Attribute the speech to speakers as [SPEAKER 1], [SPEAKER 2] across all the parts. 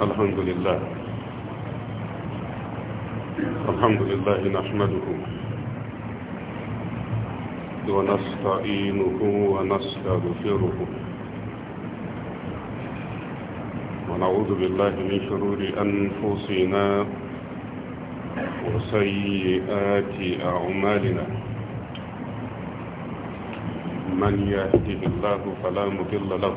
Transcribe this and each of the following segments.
[SPEAKER 1] الحمد لله الحمد لله نحمده ونستعينه ونستغفره ونعوذ بالله من شرور أنفسنا وسيئات أعمالنا من يهده الله فلا مضل له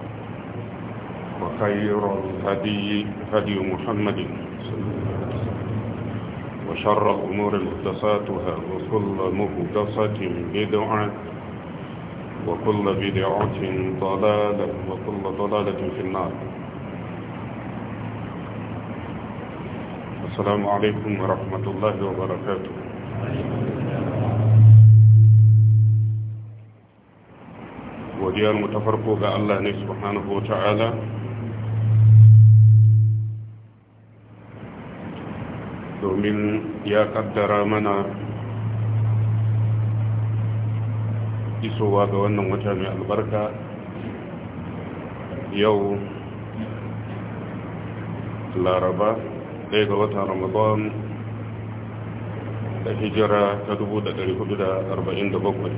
[SPEAKER 1] وخير الهدي هدي محمد وشر الأمور مهدساتها وكل مهدسة بدعة وكل بدعة ضلالة وكل ضلالة في النار السلام عليكم ورحمة الله وبركاته godiyar mu ta الله سبحانه وتعالى domin ya kaddara mana isowa ga wannan wata mai albarka yau laraba ɗaya ga wata ramadan da hijira ta bakwai,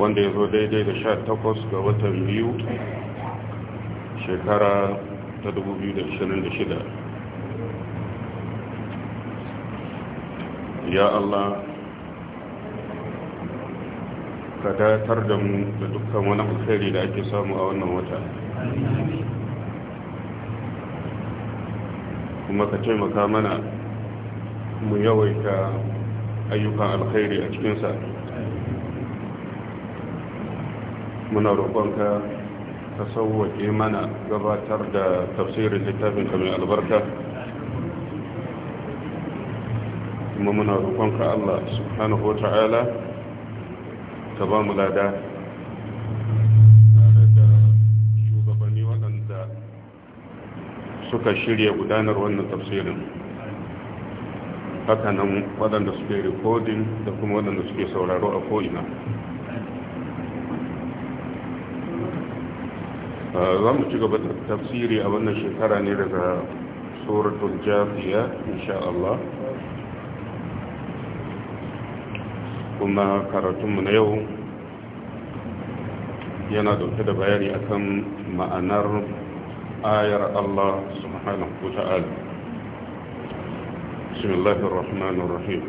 [SPEAKER 1] wanda ya zo daidai da sha takwas ga watan biyu shekara ta 2026 ya Allah ka datar da mu da dukkan wani alkhairi da ake samu a wannan wata kuma ka taimaka mana mu yawaita ayyukan alkhairi a cikinsa muna roƙonka ka sauwaƙe mana gabatar da tafsirin littafin mai albarka kuma muna roƙonka Allah subhanahu wata'ala ka ba mu lada tare da shugabanni waɗanda suka shirya gudanar wannan tafsirin hakanan waɗanda suke rikodin da kuma waɗanda suke sauraro a ko'ina ah, za mu ci gaba da tafsiri a wannan shekara ne daga suratul jafiya insha Allah kuma karatunmu na yau yana dauke da bayani akan ma'anar ayar Allah subhanahu بسم الله الرحمن الرحيم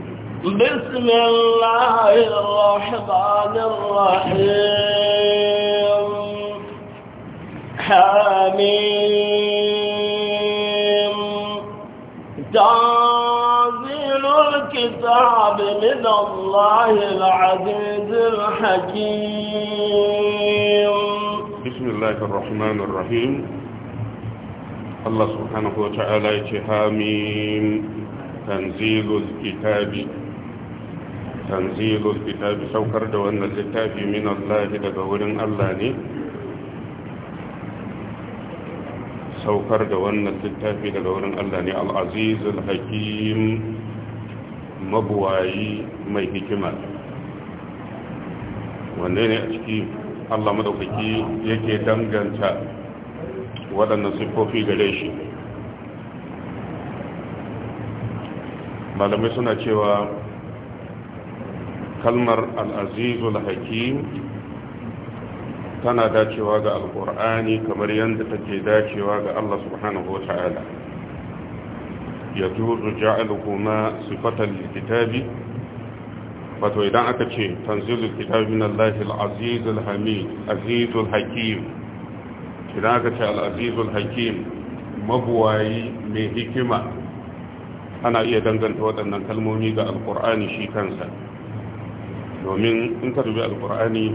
[SPEAKER 2] بسم الله الرحمن الرحيم حميم hamim الكتاب من الله العزيز الحكيم
[SPEAKER 1] بسم الله الرحمن الرحيم الله سبحانه وتعالى حميم تنزيل الكتاب تنزيل الكتاب سوكر دوان الكتاب من الله لقول الله saukar سوكر wannan littafi daga wurin Allah ne al mabuwayi mai hikima wanne ne a ciki Allah madaukaki yake danganta waɗannan siffofi gare shi malamai suna cewa kalmar al'azizul hakim tana dacewa ga alƙur'ani kamar yadda take dacewa ga Allah subhanahu wa ta'ala يجوز جعلهما صفة للكتاب wato idan aka ce tanzilul kitab min Allah al-aziz al-hamid aziz al-hakim idan aka ce al'azizu hakim mabuwayi mai hikima ana iya danganta waɗannan kalmomi ga alkur'ani shi kansa domin in ka dubi alkur'ani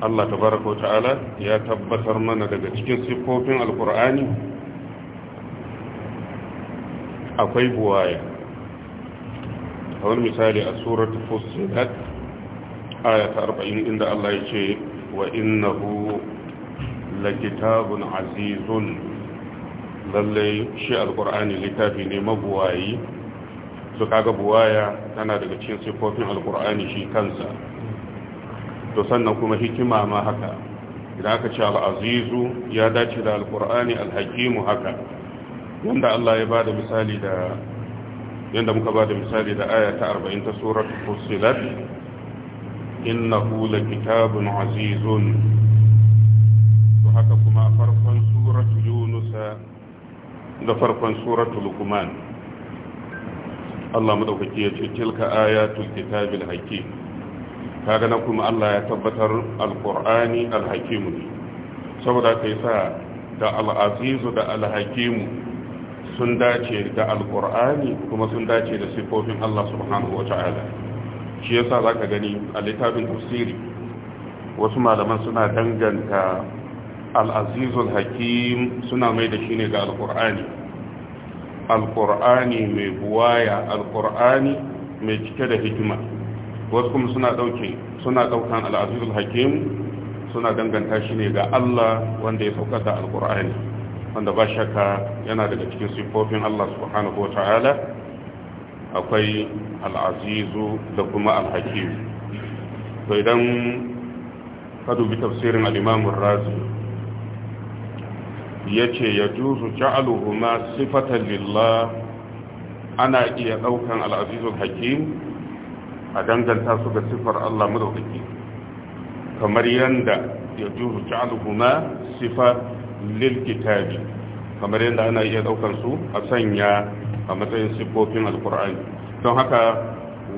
[SPEAKER 1] Allah tabaraka wa ta'ala ya tabbatar mana daga cikin siffofin alkur'ani akwai buwaya wani misali a suratu fusilat ayata 40 inda Allah ya ce wa innahu kitabun azizun lallai shi alkur'ani littafi ne mabuwayi su kaga buwaya tana daga cikin siffofin alkur'ani shi kansa to sannan kuma hikima ma haka idan aka ce al'azizu ya dace da alkur'ani alhakimu haka yanda Allah ya bada misali da yanda muka bada misali da aya ta 40 ta surat fussilat innahu lakitabun azizun to haka kuma farkon surat yunus da farkon suratul luqman Allah madaukaki ya ce tilka ayatul kitabil hakim kaga na kuma Allah ya tabbatar alqur'ani alhakim ne saboda kai sa da Alhazizu da alhakimu sun dace da alkur'ani kuma sun dace da sifofin Allah subhanahu wa ta'ala shi yasa zaka gani a littafin tafsiri wasu malaman suna danganta al hakim suna mai da shi ne ga alkur'ani alkur'ani mai buwaya alkur'ani mai cike da hikima wasu kuma suna ɗaukan suna hakim suna danganta shi ne ga Allah wanda ya saukata da alkur'ani wanda ba shakka yana daga cikin siffofin Allah subhanahu wa akwai al'azizu da kuma alhakim to idan ka dubi tafsirin al'imamun razi ya ce ya juzu ja'aluhu ma lillah ana iya ɗaukan al'azizun hakim a danganta su ga siffar Allah madaukaki kamar yanda ya juzu ja'aluhu ma lilkitabi kamar yadda ana iya daukar su a sanya a matsayin siffofin alkur'ani don haka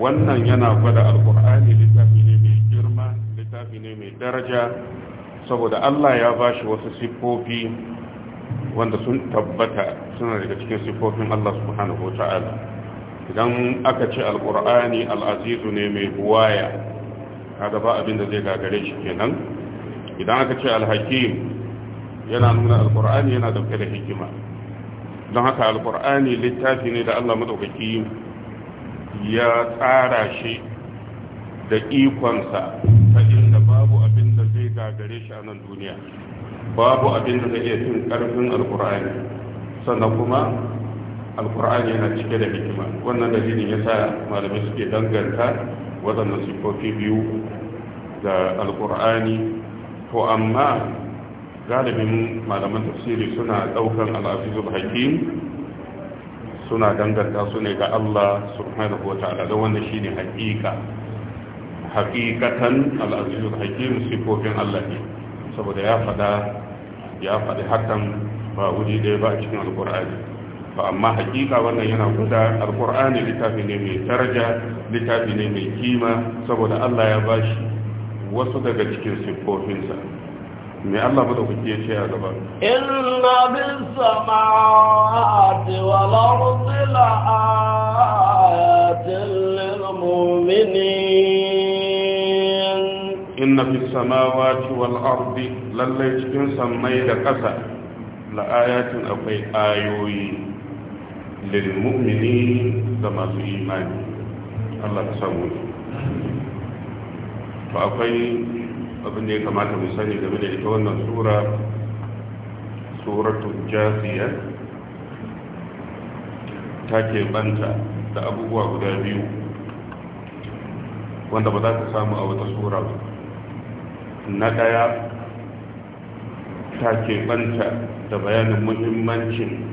[SPEAKER 1] wannan yana fada alkur'ani littafi ne mai girma littafi ne mai daraja saboda Allah ya bashi wasu siffofi wanda sun tabbata suna daga cikin siffofin Allah subhanahu wata'ala idan aka ce alkur'ani al'azizu ne mai buwaya kada ba abin da zai gagare shi kenan idan aka ce alhakim yana nuna alkur'ani yana dauke da hikima don haka alkur'ani littafi ne da Allah madaukaki ya tsara shi da ikonsa ta inda babu abin da zai gagare shi a nan duniya babu abin da zai iya cin karfin alkur'ani sannan kuma alkur'ani yana cike da hikima wannan dalilin ya sa malamai suke danganta waɗannan siffofi biyu da alkur'ani to amma galibin malaman tafsiri suna daukan al'afizul hakim suna danganta su ne ga Allah subhanahu wa ta'ala da wannan shine hakika hakikatan al'azizul hakim sifofin Allah ne saboda ya fada ya fadi hakan ba wuri dai ba a cikin alkur'ani ba amma hakika wannan yana guda alkur'ani littafi ne mai daraja littafi ne mai kima saboda Allah ya bashi wasu daga cikin siffofinsa mai Allah madaukaki ya ce a gaba inna bis samawati wa ardi la ayatin lil mu'minin inna bis samawati wal ardi lalle cikin sammai da ƙasa la ayatin akwai ayoyi lil mu'minin ga masu imani Allah ta samu to akwai abin da ya kamata mu sani game da ita wannan sura suratul jasiya ta ke banta da abubuwa guda biyu wanda ba za ta samu a wata sura ba na ɗaya ta ke banta da bayanin muhimmancin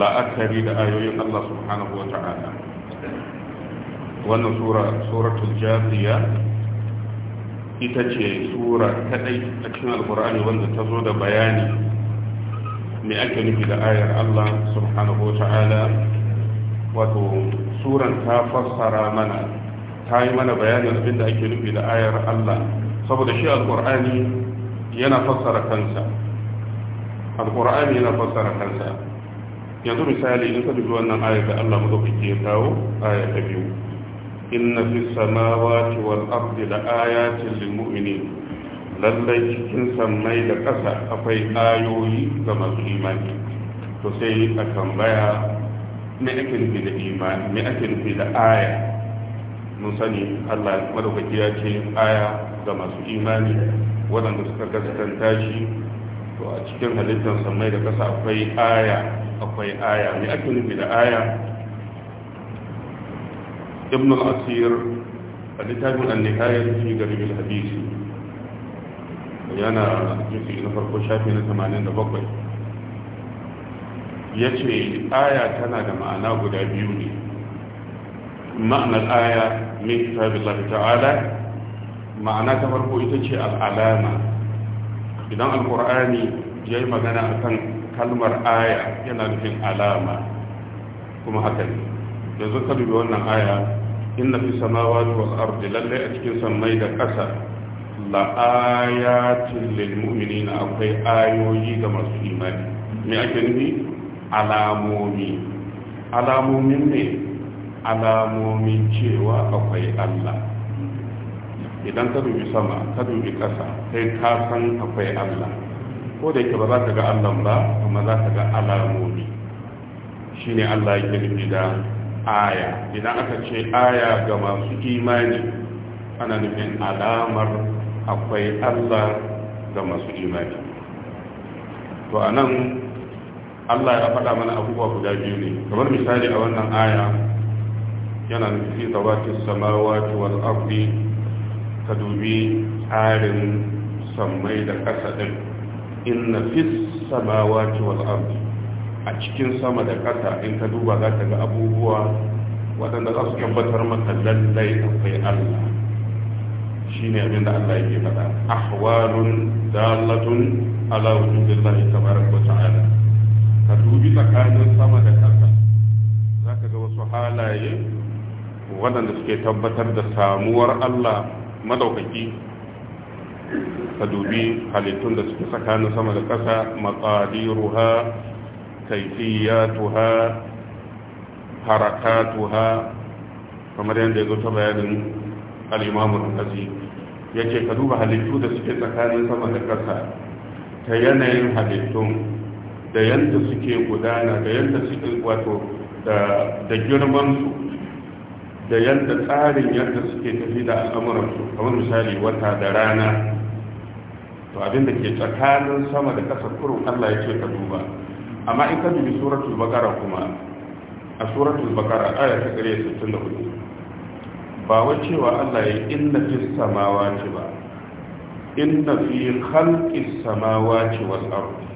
[SPEAKER 1] la'akari da ayoyin Allah subhanahu wa ta'ala wannan sura suratul jasiya ita ce sura kadai a cikin alkur'ani wanda ta zo da bayani me ake nufi da ayar Allah subhanahu wa ta'ala wato suran ta fassara mana ta yi mana bayanin abinda ake nufi da ayar Allah saboda shi alkur'ani yana fassara kansa alkur'ani yana fassara kansa yanzu misali in ka dubi wannan ayar da Allah mu dauke kawo ayar ta biyu inna fi samawati wal ardi la ayatin lil mu'minin lallai cikin sammai da ƙasa akwai ayoyi ga masu imani to sai a tambaya me ake nufi da imani me ake nufi da aya mun sani Allah madaukaki ya ce aya ga masu imani waɗanda suka gaskanta shi to a cikin halittar sammai da ƙasa akwai aya akwai aya me ake nufi da aya ibn al a littafin annihayar fi garibin hadisi yana jinsi na farko shafi na 87 ya ce aya tana da ma'ana guda biyu ne ma'anar aya min kitabin lafi ta'ala ma'ana ta farko ita ce al'alama idan alkur'ani ya yi magana a kan kalmar aya yana nufin alama kuma haka ne yanzu ka dubi wannan aya inna fi samawati wal ardi lalle a cikin sammai da ƙasa la ayatin lil mu'minina akwai ayoyi ga masu imani me ake nufi alamomi alamomin ne alamomin cewa akwai Allah idan ka dubi sama ka dubi ƙasa sai ka san akwai Allah ko da yake ba za ka ga Allah ba amma za ka ga alamomi shine Allah yake nufi da aya idan aka ce aya ga masu imani ana nufin alamar akwai Allah ga masu imani to a nan Allah ya faɗa mana abubuwa guda biyu ne kamar misali a wannan aya yana nufi zawatin samawa wal ardi ka dubi tsarin sammai da ƙasa ɗin inna fis samawa wal ardi a cikin sama da ƙasa in ka duba za ta ga abubuwa waɗanda za su tabbatar maka lallai akwai Allah shine abin da Allah yake faɗa ahwalun dalatun ala wujudillahi tabaraka wa ta'ala ka dubi tsakanin sama da ƙasa za ka ga wasu halaye waɗanda suke tabbatar da samuwar Allah madaukaki ka dubi halittun da suke tsakanin sama da ƙasa maqadiruha kaifiyatuha harakatuha kamar yadda ya ta bayanin al'imamun nazi ya ce ka duba halittu da suke tsakanin sama da ƙasa ta yanayin halittun da yadda suke gudana da yadda suke wato da girmansu da yadda tsarin yadda suke tafi da al'amuransu kamar misali wata da rana to da ke tsakanin sama da ƙasa kurun allah ya ce ka duba amma in ka dubi suratul bakara kuma a suratul bakara aya ta gare hudu. ba wai cewa Allah ya inna fis samawati ba inna fi khalqis samawati wal ardi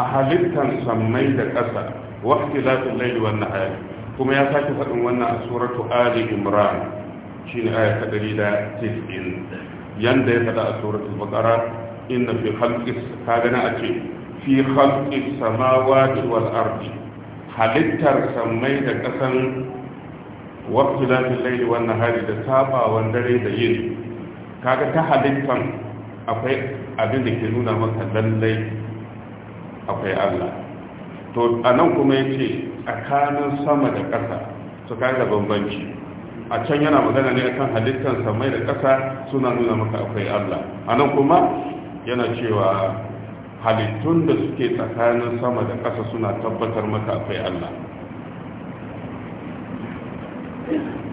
[SPEAKER 1] a halittan sammai da ƙasa wa ikhtilafil layli wan nahar kuma ya sake faɗin wannan a suratu ali imran shine aya ta 190 yanda ya faɗa a suratul baqara inna fi khalqis kaga na a ce fi khalqis samawati wal ardi halittar sammai da kasan waqtu lafil layli wan nahari da sabawan dare da yin kaga ta halittan akwai abin da ke nuna maka lallai akwai Allah to anan kuma yace tsakanin sama da ƙasa su kaga bambanci a can yana magana ne akan halittar samai da ƙasa suna nuna maka akwai Allah anan kuma yana cewa halittun da suke tsakanin sama da ƙasa suna tabbatar maka akwai Allah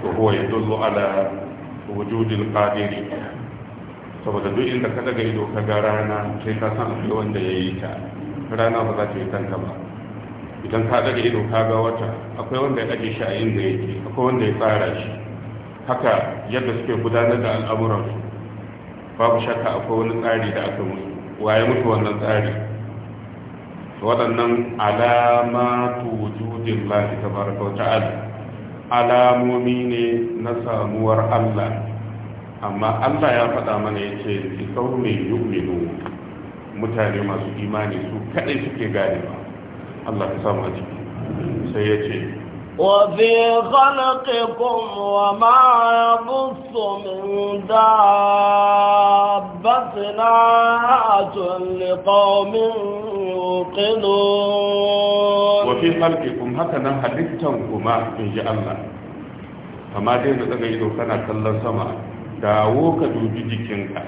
[SPEAKER 1] to huwa dozo ala wujudin ƙadiri. saboda duk inda ka daga ido ka ga rana sai ka san akwai wanda ya yi ta rana ba za ta yi kanka ba idan ka daga ido ka ga wata akwai wanda ya ajiye shi a inda yake akwai wanda ya tsara shi haka yadda suke gudanar da al'amuransu babu shakka akwai wani tsari da aka musu waye mutu wannan tsari waɗannan alamatu wujudin lafi ta baraka wata alamomi ne na samuwar Allah amma Allah ya faɗa mana ya ce ki kaunin yu'minu mutane masu imani su kaɗai suke gane ba Allah ka samu a ciki sai ya ce
[SPEAKER 2] وفي خلقكم وما يبص من دابة آيات لقوم يوقنون
[SPEAKER 1] وفي خلقكم هكذا حدثتكما إن شاء الله dai na daga ido kana kallon sama dawo ka dubi jikinka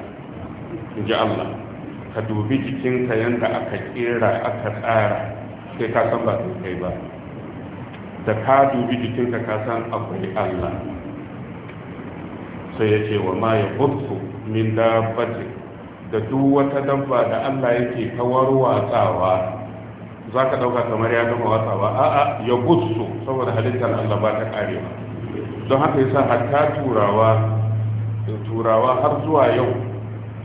[SPEAKER 1] in ji Allah ka dubi jikinka yadda aka kera aka tsara sai ka san ba kai ba da ka dubi jikinka ka san akwai Allah sai ya ce wa ma ya bukku min dabbati da duk wata dabba da Allah yake kawar watsawa za ka ɗauka kamar ya gama watsawa a'a ya bukku saboda halittar Allah ba ta karewa don haka yasa hatta turawa turawa har zuwa yau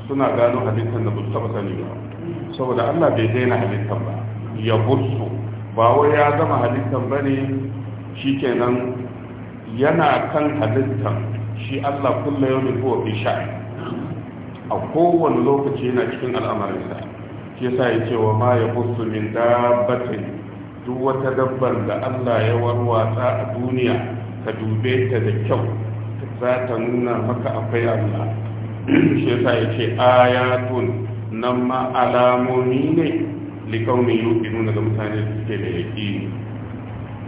[SPEAKER 1] suna gano halittar da ba su sani ba saboda Allah bai daina halittar ba ya bukku ba wai ya zama halittar ba ne Shi kenan yana kan halittan shi Allah kulla yau ne kowa fi sha'i a kowane lokaci yana cikin al'amarinsa shi yasa ya ce wa ma ya kusu min dabbatin duk wata dabbar da Allah ya warwatsa a duniya ka dube ta da kyau za ta nuna maka akwai Allah shi yasa ya ce ayatun nan ma alamomi ne likaunin yukinuna ga mutane da suke da yaƙini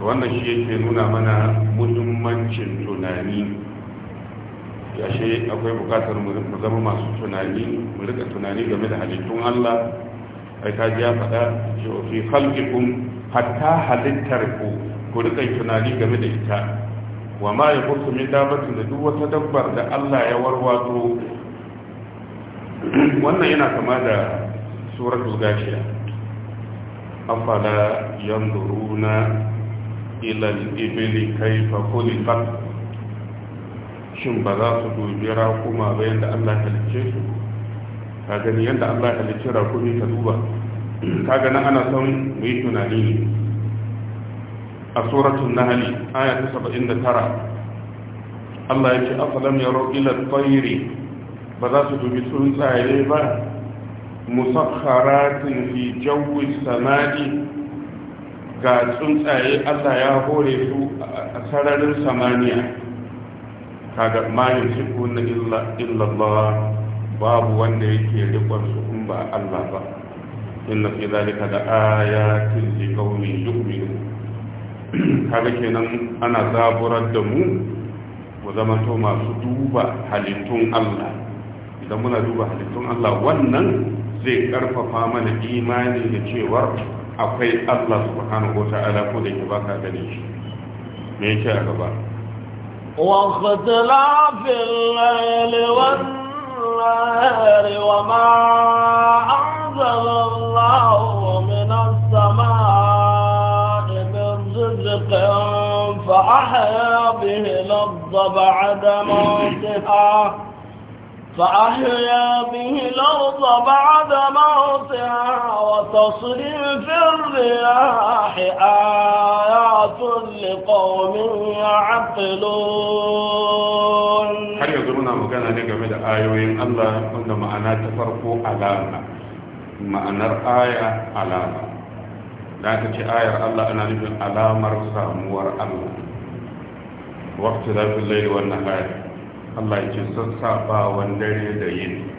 [SPEAKER 1] wannan shi yake nuna mana muhimmancin tunani ya yashe akwai bukatar mu zama masu tunani mu rika tunani game da halittun Allah ai ta ya faɗa cewa fi khalqikum hatta halittar ku ku rika tunani game da ita wa ma ya yaqutu min dabatu da duk wata dabbar da Allah ya warwato wannan yana kama da suratul gashiya أفلا ينظرون إلى الإبل كيف خلقت khuliqat shin ba za su dubi raƙuma ba yadda Allah halicce su ka gani yadda Allah duba ka gani ana son mu yi tunani ne a suratun nahali aya ta saba'in da tara Allah ya afalam yaro ila ba za su dubi ba musakharatin fi jawwi samani ga tsuntsaye Allah ya hore su a sararin samaniya kaga ma yusifuna illa illa Allah babu wanda yake rikon su in ba Allah ba inna fi zalika da ayatin li qaumin yu'minun kaga kenan ana zaburar da mu mu zama to masu duba halittun Allah idan muna duba halittun Allah wannan zai karfafa mana imani da cewa akwai Allah subhanahu wa ta'ala ko da ke baka gane shi me yake a gaba
[SPEAKER 2] واختلاف الليل والنهار وما أنزل الله من السماء من رزق فأحيا به الأرض بعد موتها فأحيا به الأرض بعد موتها وتصريف الرياح آيات لقوم يعقلون هل
[SPEAKER 1] يزرون مكانا الآية الآيوين الله كنت معنا تفرقوا علامة معنى آية علامة لا تجي آية الله أنا نجمع علامة رسام ور الله واختلاف الليل والنهار Allah ya ce sassaɓawan dare da yin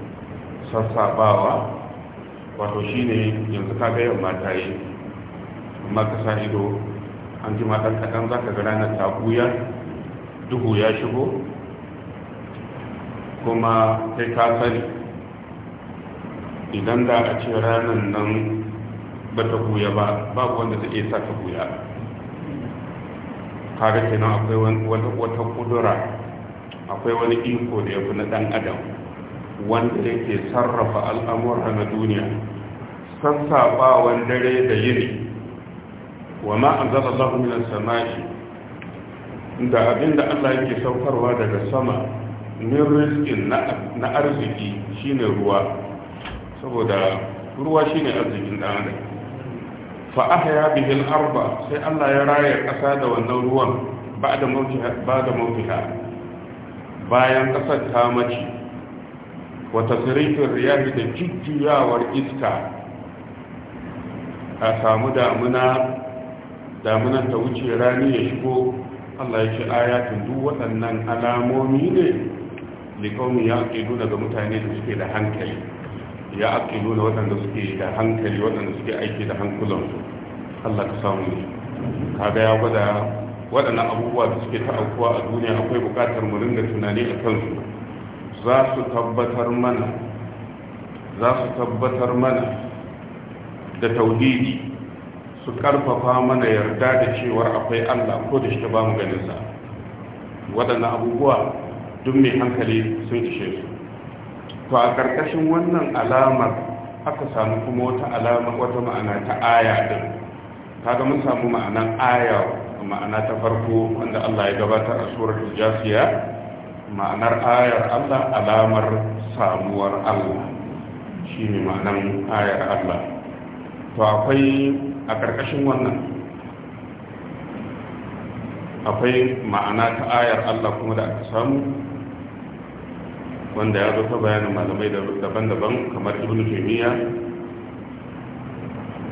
[SPEAKER 1] sassaɓawa wato shi ne yanzu ka gayan mata yi amma ka sa ido an ji matan kaɗan za ka ga ranar ta buya duhu ya shigo kuma kai ka sani idan da a ce ranar nan ba ta buya ba babu wanda ta iya sa ta buya kaga kenan akwai wata kudura akwai wani iko da ya fi na ɗan adam wanda yake sarrafa al'amurra na duniya sassaɓawan dare da yini wa ma'azar Allah minan sama'i da abinda Allah yake saukarwa daga sama min riskin na arziki shine ruwa saboda ruwa shine arzikin ɗan adam fa ahya bihi al-arba sai Allah ya raya ƙasa da wannan ruwan ba da mauti ba bayan ƙasar ta mace wata sirifin riyahi da jujjuyawar iska a samu damuna damunan ta wuce rani ya shigo allah ya ce ayatun duk waɗannan alamomi ne likaunin ya nuna ga mutane da suke da hankali ya ake nuna waɗanda suke da hankali waɗanda suke aiki da hankulansu allah ka samu ne kaga ya gwada waɗannan abubuwa da suke ta'aukuwa a duniya akwai buƙatar mu ringa tunani a kansu za su tabbatar mana za su tabbatar mana da tauhidi su ƙarfafa mana yarda da cewar akwai Allah ko da shi ba mu ganin sa waɗannan abubuwa duk mai hankali sun ishe su to a ƙarƙashin wannan alamar aka samu kuma wata alama wata ma'ana ta aya din kaga mun samu ma'anan aya ma'ana ta farko wanda Allah ya gabatar a suratul jafiya ma'anar ayar Allah alamar samuwar Allah shi ne ma'anar ayar Allah to akwai a ƙarƙashin wannan akwai ma'ana ta ayar Allah kuma da aka samu wanda ya zo ta bayanin malamai daban-daban kamar ibn taymiya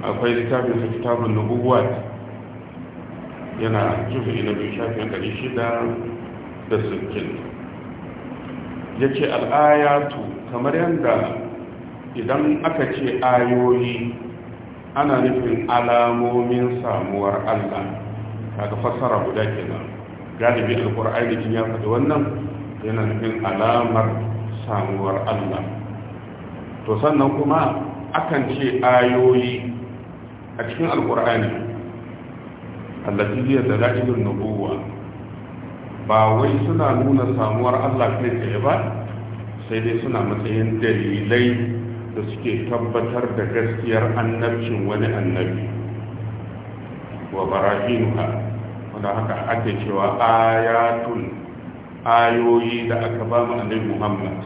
[SPEAKER 1] akwai littafin su kitabun nubuwat yana jufi na bin shafin ɗari shida da sukin ya ce al'ayatu kamar yadda idan aka ce ayoyi ana nufin alamomin samuwar allah kaga fassara guda kenan galibi ainihin ya faɗi wannan yana nufin alamar samuwar allah to sannan kuma akan ce ayoyi a cikin alƙur'ani allati hiya dalailun nubuwa ba wai suna nuna samuwar Allah kai tsaye ba sai dai suna matsayin dalilai da suke tabbatar da gaskiyar annabcin wani annabi wa barahinuha wanda haka ake cewa ayatul ayoyi da aka ba mu annabi Muhammad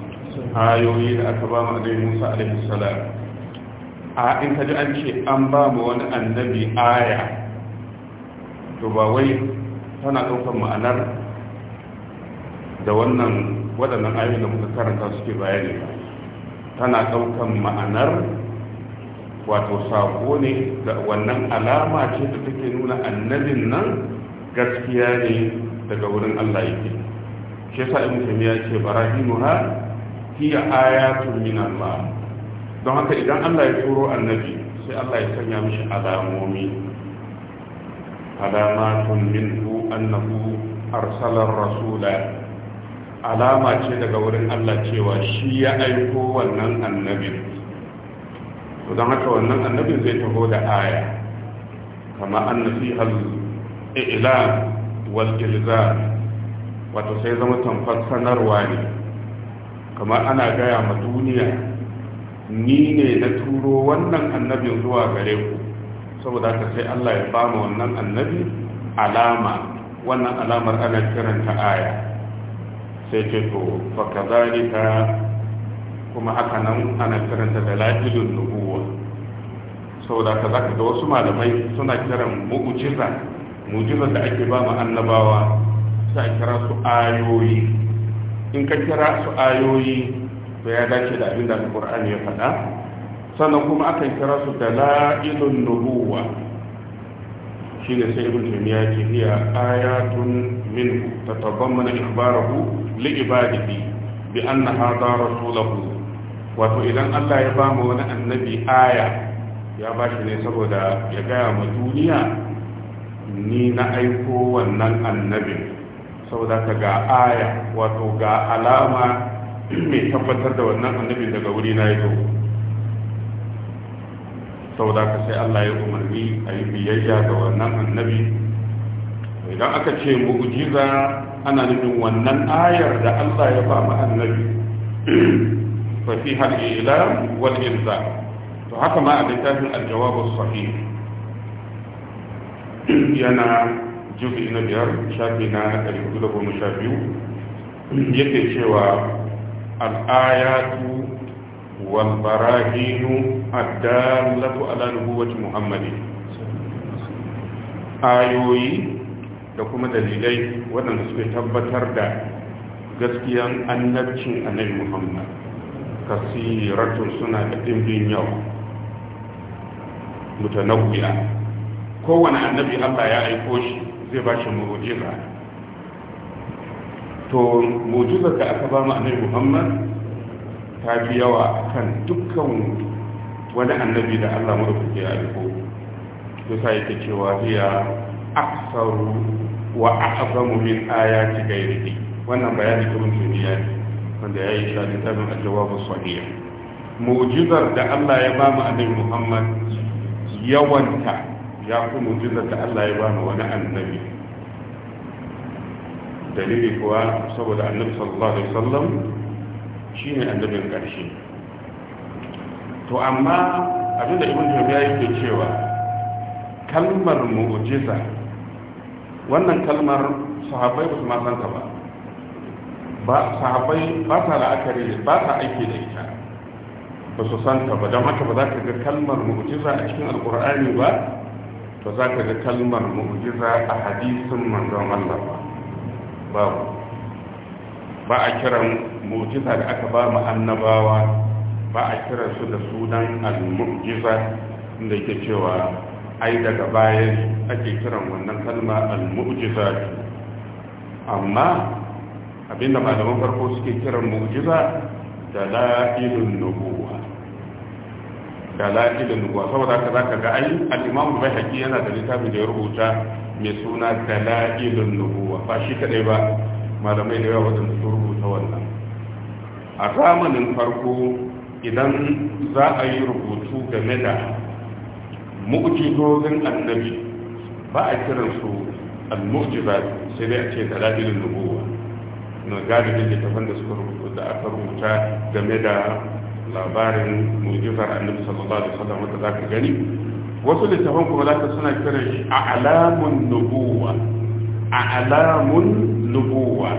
[SPEAKER 1] ayoyi da aka ba mu annabi Musa alaihi salam a in kaji an ce an ba mu wani annabi aya to ba wai tana ɗaukar ma'anar da wannan waɗannan ayoyi da muka karanta suke bayani ba tana ɗaukar ma'anar wato sako ne da wannan alama ce da take nuna annabin nan gaskiya ne daga wurin Allah yake shi yasa ibnu tamiya ce ha hiya ayatun min Allah don haka idan Allah ya turo annabi sai Allah ya sanya mishi alamomi علامات منه أنه أرسل الرسول alama ce daga wurin Allah cewa shi ya aiko wannan annabin to haka wannan annabin zai taho da aya kama an nasihar ilam wal ilzam wato sai zama tamfar ne kama ana gaya ma duniya ni ne na turo wannan annabin zuwa gare ku saboda haka sai Allah ya ba mu wannan annabi alama wannan alamar ana kiranta aya sai ce to fa kazalika kuma haka nan ana kiranta da lafilun nubuwa saboda haka zaka ga wasu malamai suna kiran mu'jiza mu'jiza da ake ba mu annabawa sai kira su ayoyi in ka kira su ayoyi to ya dace da abin da Qur'ani ya faɗa sannan kuma akan kira su da la'ilun nubuwa shi ne sai ibn taymiya ke hiya ayatun minhu tatabammana ikhbarahu li ibadihi bi anna hadha rasuluhu wato idan Allah ya ba mu wani annabi aya ya ba shi ne saboda ya gaya ma duniya ni na aiko wannan annabin saboda ka ga aya wato ga alama mai tabbatar da wannan annabin daga wuri na yi zo saboda ka sai Allah ya umarni a yi biyayya ga wannan annabi idan aka ce mu'jiza ana nufin wannan ayar da Allah ya ba mu annabi fa fi hal ilam wal inza to haka ma a littafin al-jawab sahih yana jufi na biyar shafi na biyu, yake cewa al-ayatu والبراهين الدالة على نبوة محمد da kuma dalilai waɗanda suke tabbatar da gaskiyan annabcin annabi muhammad kasiratun suna da ɗimbin yau mutanawwiya kowane annabi allah ya aiko shi zai bashi shi mu'ujiza to mu'ujizar da aka ba mu annabi muhammad ta fi yawa akan dukkan wani annabi da Allah madaukake kuke aiko yasa yake cewa hiya aksaru wa ahzamu min ayati ghairihi wannan bayani kuma duniya ne wanda yayi shi a littafin al-jawab as-sahih mu'jizar da Allah ya ba mu annabi Muhammad yawanta ya fi mu'jizar da Allah ya ba mu wani annabi dalili kuwa saboda annabi sallallahu alaihi wasallam Shi shine annabin ƙarshe to amma abin da ibn jami'a yake cewa kalmar mu'jiza wannan kalmar sahabbai ba su ma ba ba sahabbai ba ta la'akari ba ta aiki da ita ba su santa ba don haka ba za ka ga kalmar mu'jiza a cikin alkur'ani ba ba za ka ga kalmar mu'jiza a hadisin manzon Allah ba babu ba a kiran mu'jiza da aka ba mu annabawa ba a kiran su da sunan al-mu'jiza inda yake cewa ai daga baya ake kiran wannan kalma al-mu'jiza amma abinda malaman farko suke kiran mu'jiza la'ilun nubuwa la'ilun nubuwa saboda haka zaka ga ai al-imam bayhaqi yana da littafin da ya rubuta mai suna da la'ilun nubuwa ba shi kaɗai ba malamai da yawa waɗanda su rubuta wannan a zamanin farko idan za a yi rubutu game da mu'jizozin annabi ba a kiran su al-mu'jizat sai dai a ce dalilin nubuwa na galibin littafin da suka rubuta da aka rubuta game da labarin mu'jizar annabi sallallahu alaihi wasallam da ka gani wasu littafan kuma za zaka suna kiran shi a'lamun nubuwa alamun nubuwa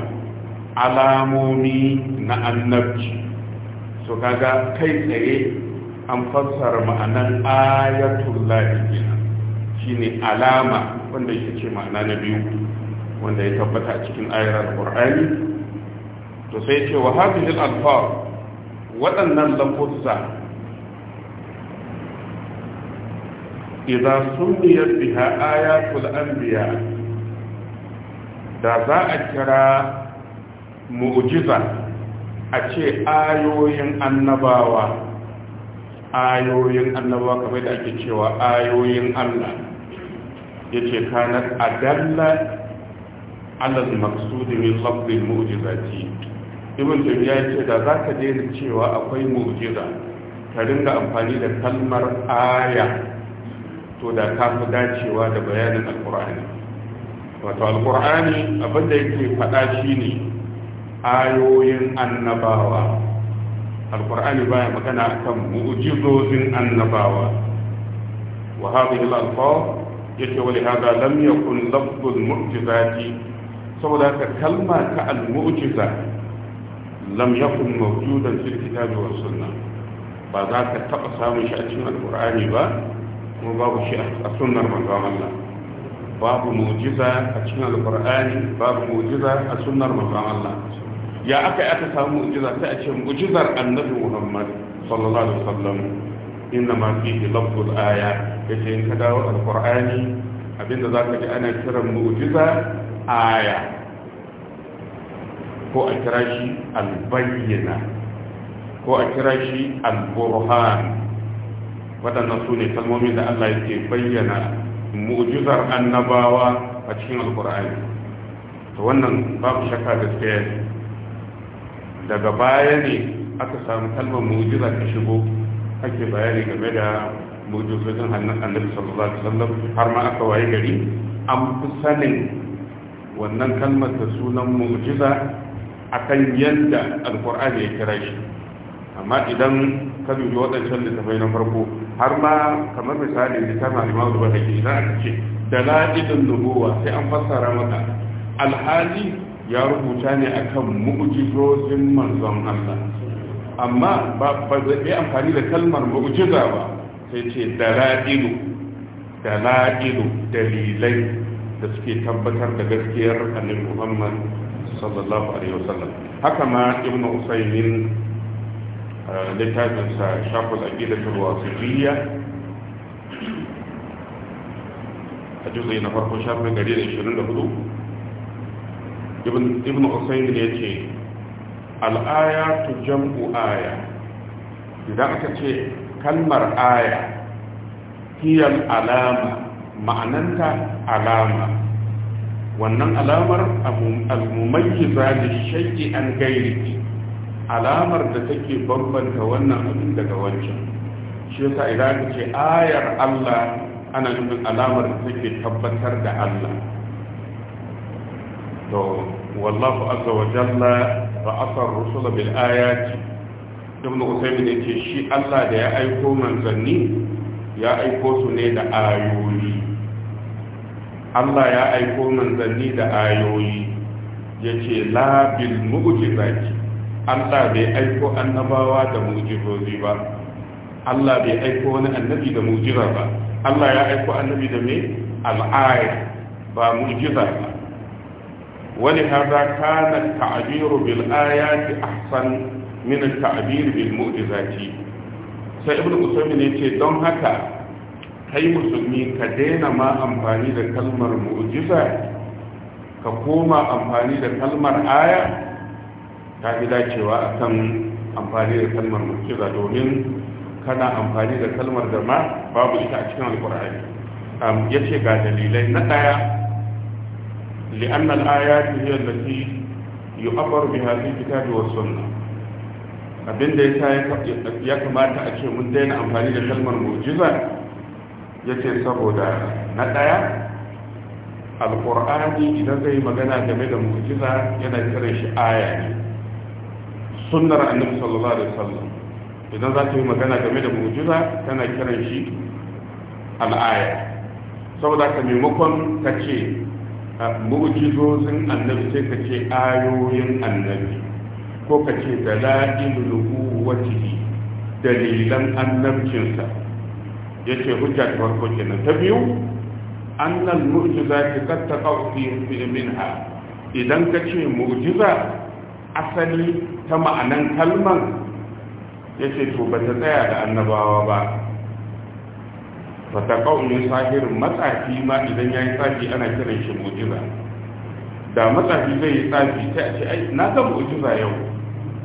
[SPEAKER 1] alamomi na annabci so kaga kai tsaye an fassara ma'anan ayatul lahi shine alama wanda yake ce ma'ana na biyu wanda ya tabbata a cikin ayar al-qur'ani to sai ce wa hadhihi waɗannan lafuzza idan sun biyar biya ayatul anbiya da za a kira mu'jiza a ce ayoyin annabawa ayoyin annabawa kamar da ake cewa ayoyin Allah yace kana adalla ala al-maqsud min lafz mujizati ibn ya yace da za ka daina cewa akwai mu'jiza ka ringa amfani da kalmar aya to da ka fi dacewa da bayanin alqur'ani wato alkur'ani abinda yake faɗa shi ne ayoyin annabawa alkur'ani baya magana akan mu'jizozin annabawa wa hadhihi al-alfaz yace wa lihada lam yakun lafzul mu'jizati saboda ka kalma ta al-mu'jiza lam yakun mawjudan fil kitabi wa sunnah ba za ka taba samun shi a cikin alkur'ani ba kuma babu shi a sunnar manzon Allah babu mujiza a cikin alkur'ani babu mujiza a sunnar manzon Allah ya aka yi aka samu mujiza sai a ce mujizar annabi Muhammad sallallahu alaihi wasallam inna ma fihi lafzul aya yace in ka dawo alkur'ani abinda zaka ji ana kiran mujiza aya ko a kira shi albayyana ko a kira shi alburhan waɗannan su ne kalmomin da Allah yake bayyana mu'jizar annabawa a cikin alkur'ani to wannan babu shakka gaskiya ne daga baya ne aka samu kalmar mu'jiza ta shigo ake bayani game da mu'jizojin annabi sallallahu alaihi wasallam har ma aka waye gari an fi sanin wannan kalmar da sunan mu'jiza akan yadda alkur'ani ya kira shi amma idan ka dubi waɗancan littafai na farko har ma kamar misali littafin alimamu da bahaki za a ce dala'ilin nubuwa sai an fassara maka alhali ya rubuta ne akan mu'jizozin manzon Allah amma ba zai amfani da kalmar mu'jiza ba sai ce dala'ilu dala'ilu dalilai da suke tabbatar da gaskiyar annabi Muhammad sallallahu alaihi wasallam haka ma ibnu usaymin littafinsa shafin aƙidatul wasiliya a juzai na farko shafin da gari 124 ibn hussein ya ce al'aya tu jam'u aya idan aka ce kalmar aya hiyar alama ma'ananta alama wannan alamar al-mumayyiza li shay'in an ghairihi alamar da take bambanta wannan abin daga wancan shi yasa idan aka ce ayar Allah ana nufin alamar da take tabbatar da Allah to wallahu azza wa jalla ra'asar rusul bil ayati ibn usaymin yace shi Allah da ya aiko manzanni ya aiko su ne da ayoyi Allah ya aiko manzanni da ayoyi yace la bil mu'jizati Allah bai aiko annabawa da mujizozi ba Allah bai aiko wani annabi da mujiza ba Allah ya aiko annabi da mai al'ayar ba mujiza ba wani haza kana ta'abiru bil ayati ahsan min ta'abir bil mu'jizati sai ibnu ne ce don haka kai musulmi ka daina ma amfani da kalmar mu'jiza ka koma amfani da kalmar aya ta fi dacewa a kan amfani da kalmar mu'jiza domin kana amfani da kalmar da ma babu ita a cikin alkur'ani ya ce ga dalilai na ɗaya li'anna al'ayati hiya abar yu'abbaru biha fita da wasu wannan. abinda ya kamata a ce mun daina amfani da kalmar mu'jiza ce saboda na ɗaya alkur'ani idan zai magana game da mu'jiza yana kira shi aya ne sunnar annabi sallallahu alaihi wasallam idan za ta yi magana game da mu'jiza tana kiran shi al'aya saboda ka maimakon ka ce mu'jizozin annabi sai ka ce ayoyin annabi ko ka ce da dalailul quwwatihi dalilan annabcinsa Ya ce hujja ta farko kenan ta biyu annal mu'jizati qad taqa'u fi minha idan ka ce mu'jiza asali ta ma'anan kalman ya ce to ba ta tsaya da annabawa ba fata ƙaunin sahirin matsafi ma idan ya yi tsafi ana kiran shi mu'jiza da matsafi zai yi tsafi ta ce ai na ga mu'jiza yau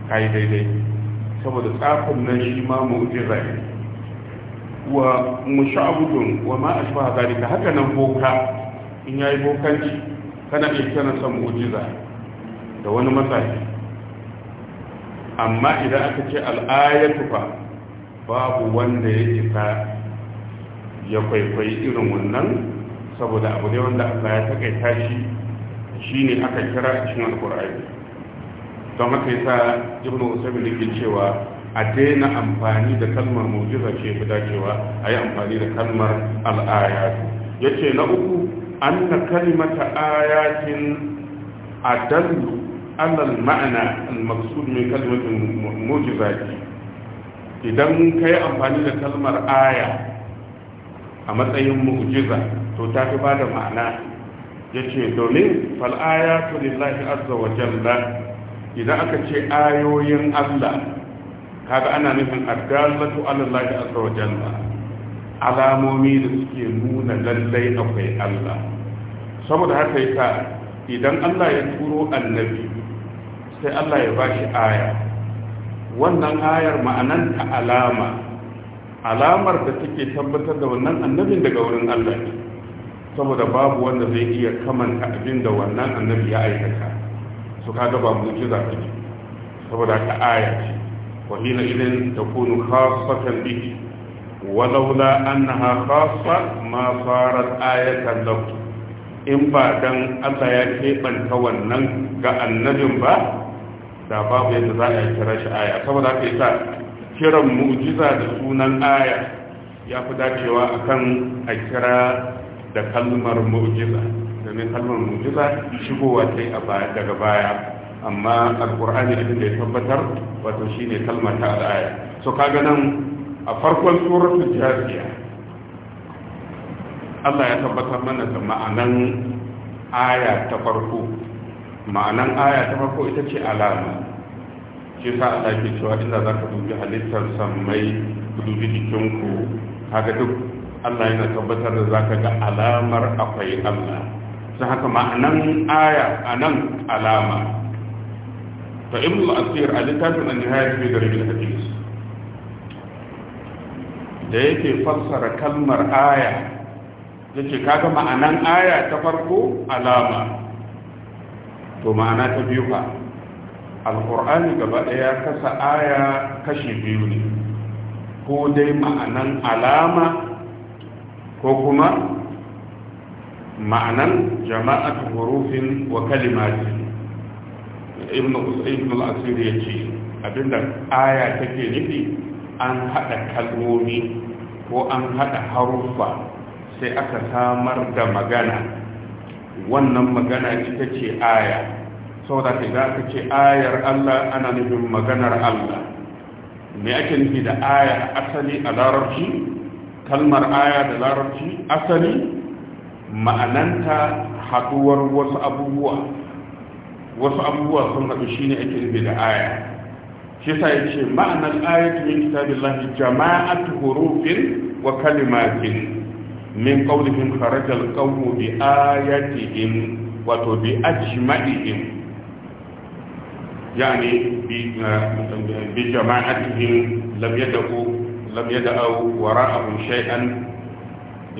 [SPEAKER 1] ka yi daidai saboda tsafin nan shi ma mu'jiza ne wa musha'abudun wa ma zari ka haka nan boka in ya yi bokanci kana iya kiransa mu'jiza da wani matsafi amma idan aka ce al'ayatu fa babu wanda ya isa ya kwaikwayi irin wannan saboda abu ne wanda Allah ya takaita shi shine aka kira a cikin alkur'ani don haka sa yasa ibnu usaymin ke cewa a daina amfani da kalmar mu'jiza ce fi dacewa a yi amfani da kalmar al'ayatu Ya ce na uku an na mata ayatin adallu على المعنى المقصود من amfani da kalmar ممكن أمفاني لكلمة آية أما أي معجزة تتابع بعد معنى yace domin fal'ayatu lillahi azza wa jalla idan aka ce ayoyin Allah kaga ana nufin addallatu ala lillahi azza wa jalla alamomi da suke nuna lallai akwai Allah saboda haka yasa idan Allah ya turo annabi sai Allah ya ba shi aya wannan ayar ma'ananta alama alamar da take tabbatar da wannan annabin daga wurin Allah ne saboda babu wanda zai iya kamanta abin da wannan annabi ya aikata su kaga ba mu'jiza ba ne saboda ka aya ce wa hina idan ta khasatan bi wa walaula annaha khassa ma sarat ayatan lahu in ba dan Allah ya keɓanta wannan ga annabin ba da babu yadda za a yi kira shi aya saboda haka yasa kiran mu'jiza da sunan aya ya fi dacewa kan a kira da kalmar mu'jiza domin kalmar mu'jiza shigowa sai a daga baya amma alkur'ani abin da ya tabbatar wato shine kalmar ta al'aya so kaga nan a farkon suratul jariya Allah ya tabbatar mana da ma'anan aya ta farko ma'anan aya ta farko ita ce alama shi sa a ke cewa inda za ka dubi halittar sammai ku dubi jikinku haka duk Allah yana tabbatar da za ka ga alamar akwai Allah sai haka ma'anan aya a nan alama ta ibn al-asir a littafin an nihaya fi da rabin hadis da yake fassara kalmar aya yace kaga ma'anan aya ta farko alama to ma'ana ta biyu fa alkur'ani gaba ɗaya kasa aya kashi biyu ne ko dai ma'anan alama ko kuma ma'anan jama'at hurufin wa kalimati ibn ibn al-asir yace abinda aya take nufi an haɗa kalmomi ko an haɗa haruffa sai aka samar da magana wannan magana ita ce aya saboda ka idan aka ce ayar Allah ana nufin maganar Allah me ake nufi da aya asali a larabci kalmar aya da larabci asali ma'ananta haduwar wasu abubuwa wasu abubuwa sun haɗu shi ne ake nufi da aya shi sa yace ma'anar ayatu min kitabillahi jama'atu hurufin wa kalimatin min qawlihim kharajal qawmu bi ayatihim to bi ajma'ihim uh, bi jama'atihim lam yadau lam yadau وراءهم shay'an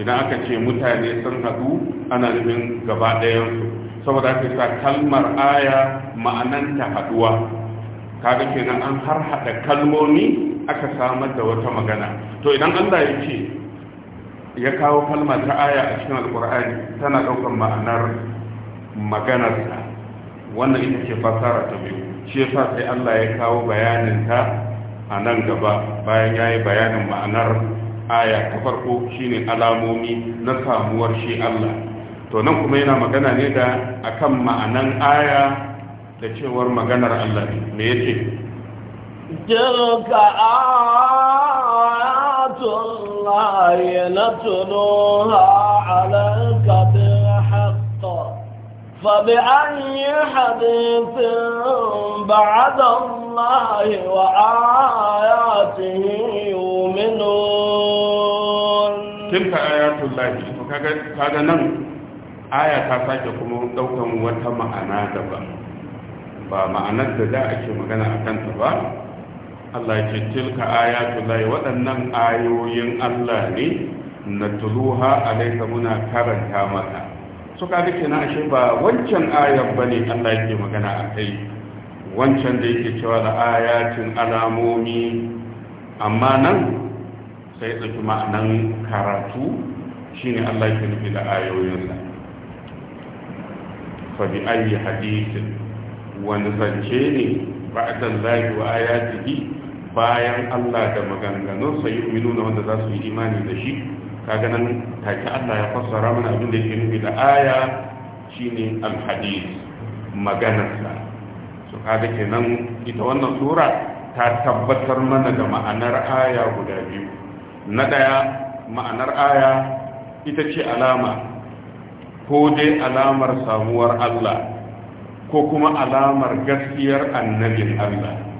[SPEAKER 1] idan aka ce mutane sun haɗu ana nufin gaba su saboda aka sa kalmar aya ma'ananta haɗuwa kaga kenan an har haɗa kalmomi aka samar da wata magana to idan allah ya ce ya kawo kalma ta aya a cikin alkur'ani tana ɗaukar ma'anar maganarsa wannan ita ce fasara ta biyu shi yasa sai Allah ya kawo bayanin ta a nan gaba bayan ya yi bayanin ma'anar aya ta farko shine alamomi na samuwar shi Allah to nan kuma yana magana ne da akan ma'anan aya da cewar maganar Allah ne me yake
[SPEAKER 2] tilka aya الله نتلوها عليك بالحق فبأي حديث بعد الله وآياته يؤمنون
[SPEAKER 1] تلك آيات الله kaga nan aya ta sake kuma daukan wata ma'ana daban ba ma'anar da za ake magana a kanta ba Allah ya ce tilka lai waɗannan ayoyin Allah ne na tuluha alaika muna karanta maka su ka duke na ashe ba wancan ayar ba ne Allah yake magana a kai wancan da yake cewa da ayatin alamomi amma nan sai tsaki ma'anan karatu shine Allah yake nufi da ayoyinsa fa bi ayi hadisin wani zance ne zaiwa lahi ayatihi bayan Allah da maganganunsa yi uminu na wanda za su yi imani da shi kaga nan take Allah ya fassara mana abin da yake nufi da aya shine alhadis maganarsa su kaga kenan ita wannan sura ta tabbatar mana da ma'anar aya guda biyu na daya ma'anar aya ita ce alama ko dai alamar samuwar Allah ko kuma alamar gaskiyar annabin Allah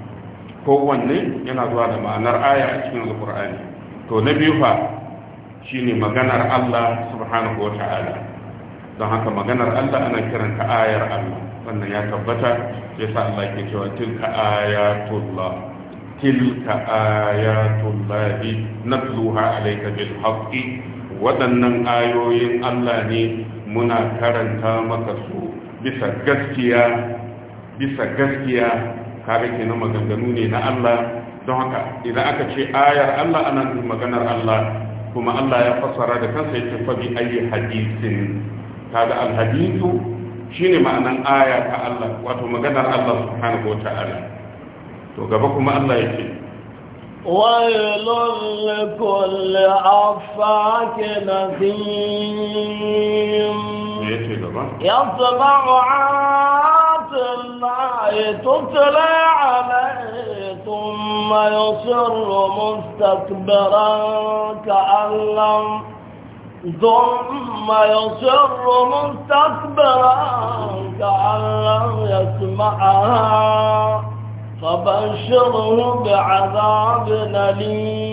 [SPEAKER 1] kowanne yana zuwa da ma'anar aya a cikin alkur'ani to na biyu fa shine maganar Allah subhanahu wa ta'ala don haka maganar Allah ana kiranta ayar Allah wannan ya tabbata ya sa Allah ke cewa tilka ayatullah tilka ayatullah natluha alayka bil haqqi waɗannan ayoyin Allah ne muna karanta maka su bisa gaskiya bisa gaskiya kaga kenan maganganu ne na Allah don haka idan aka ce ayar Allah ana maganar Allah kuma Allah ya fassara da kansa ya tafa bi ayi hadisin kaga alhadisu shine ma'anan aya ta Allah wato maganar Allah subhanahu wa to gaba kuma Allah yake
[SPEAKER 2] ويل لكل عفاك نسيم يطبع عات الله تطلع عليه ثم يصر مستكبرا كألم ثم يصر مستكبرا كألم يسمعها فبشره بعذاب
[SPEAKER 1] أليم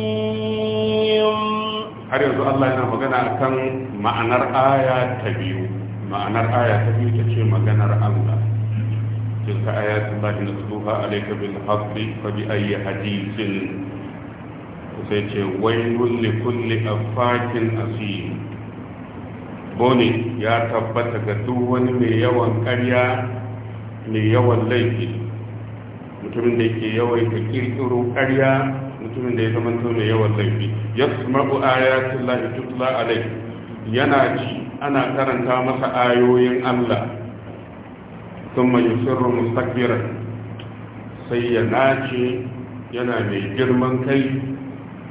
[SPEAKER 1] har yanzu Allah yana magana kan ma'anar aya ta biyu ma'anar aya ta biyu ta ce maganar Allah tilka ayatul lahi a laifin bil haqqi fa bi yi hadisin. sai ce wailul li kulli fakin asiri. bone ya tabbata ga duk wani mai yawan ƙarya mai yawan laifi mutumin da yake yawaita kirkiro ƙarya mutumin da ya zama mai yawan laifi ya yasma'u lahi tutla alayhi yana ji ana karanta masa ayoyin Allah thumma yusirru mustakbiran sai ya nace yana mai girman kai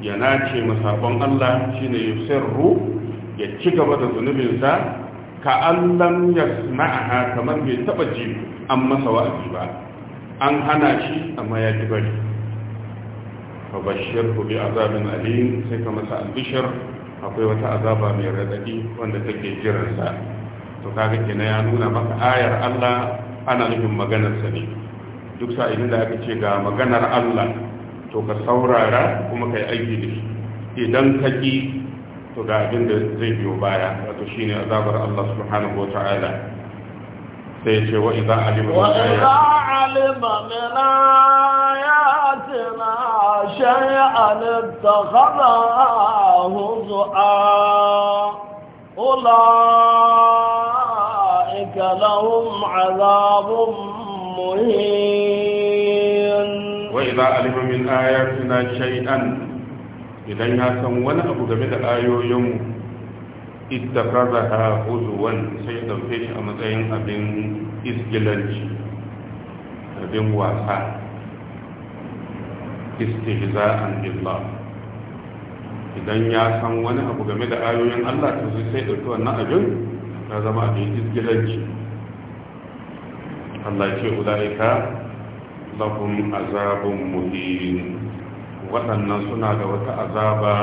[SPEAKER 1] ya nace masakon Allah shine yusirru ya ci gaba da zunubinsa ka allam yasma'aha kamar bai taba ji an masa wa'azi ba an hana shi amma ya ji bari bashir ku bi azabin alim sai ka masa albishir akwai wata azaba mai radadi wanda take jiransa to kaga kenan ya nuna maka ayar Allah ana nufin maganar sa ne duk sa'ilin da aka ce ga maganar Allah to ka saurara kuma ka yi aiki da shi idan ka ki to ga abin da zai biyo baya wato shine azabar Allah subhanahu Ta'ala. وإذا علم من
[SPEAKER 2] آياتنا شيئا اتخذها هزوا أولئك لهم عذاب مهين
[SPEAKER 1] وإذا علم من آياتنا شيئا إذا ناسا ولا أبو جميل يوم ittakazaha huzuwan sai dauke shi a matsayin abin isgilanci abin wasa istihza'an billah idan ya san wani abu game da ayoyin Allah Ta zai sai dauki wannan abin ya zama abin isgilanci Allah ya ce ulaika lahum azabun muhin waɗannan suna da wata azaba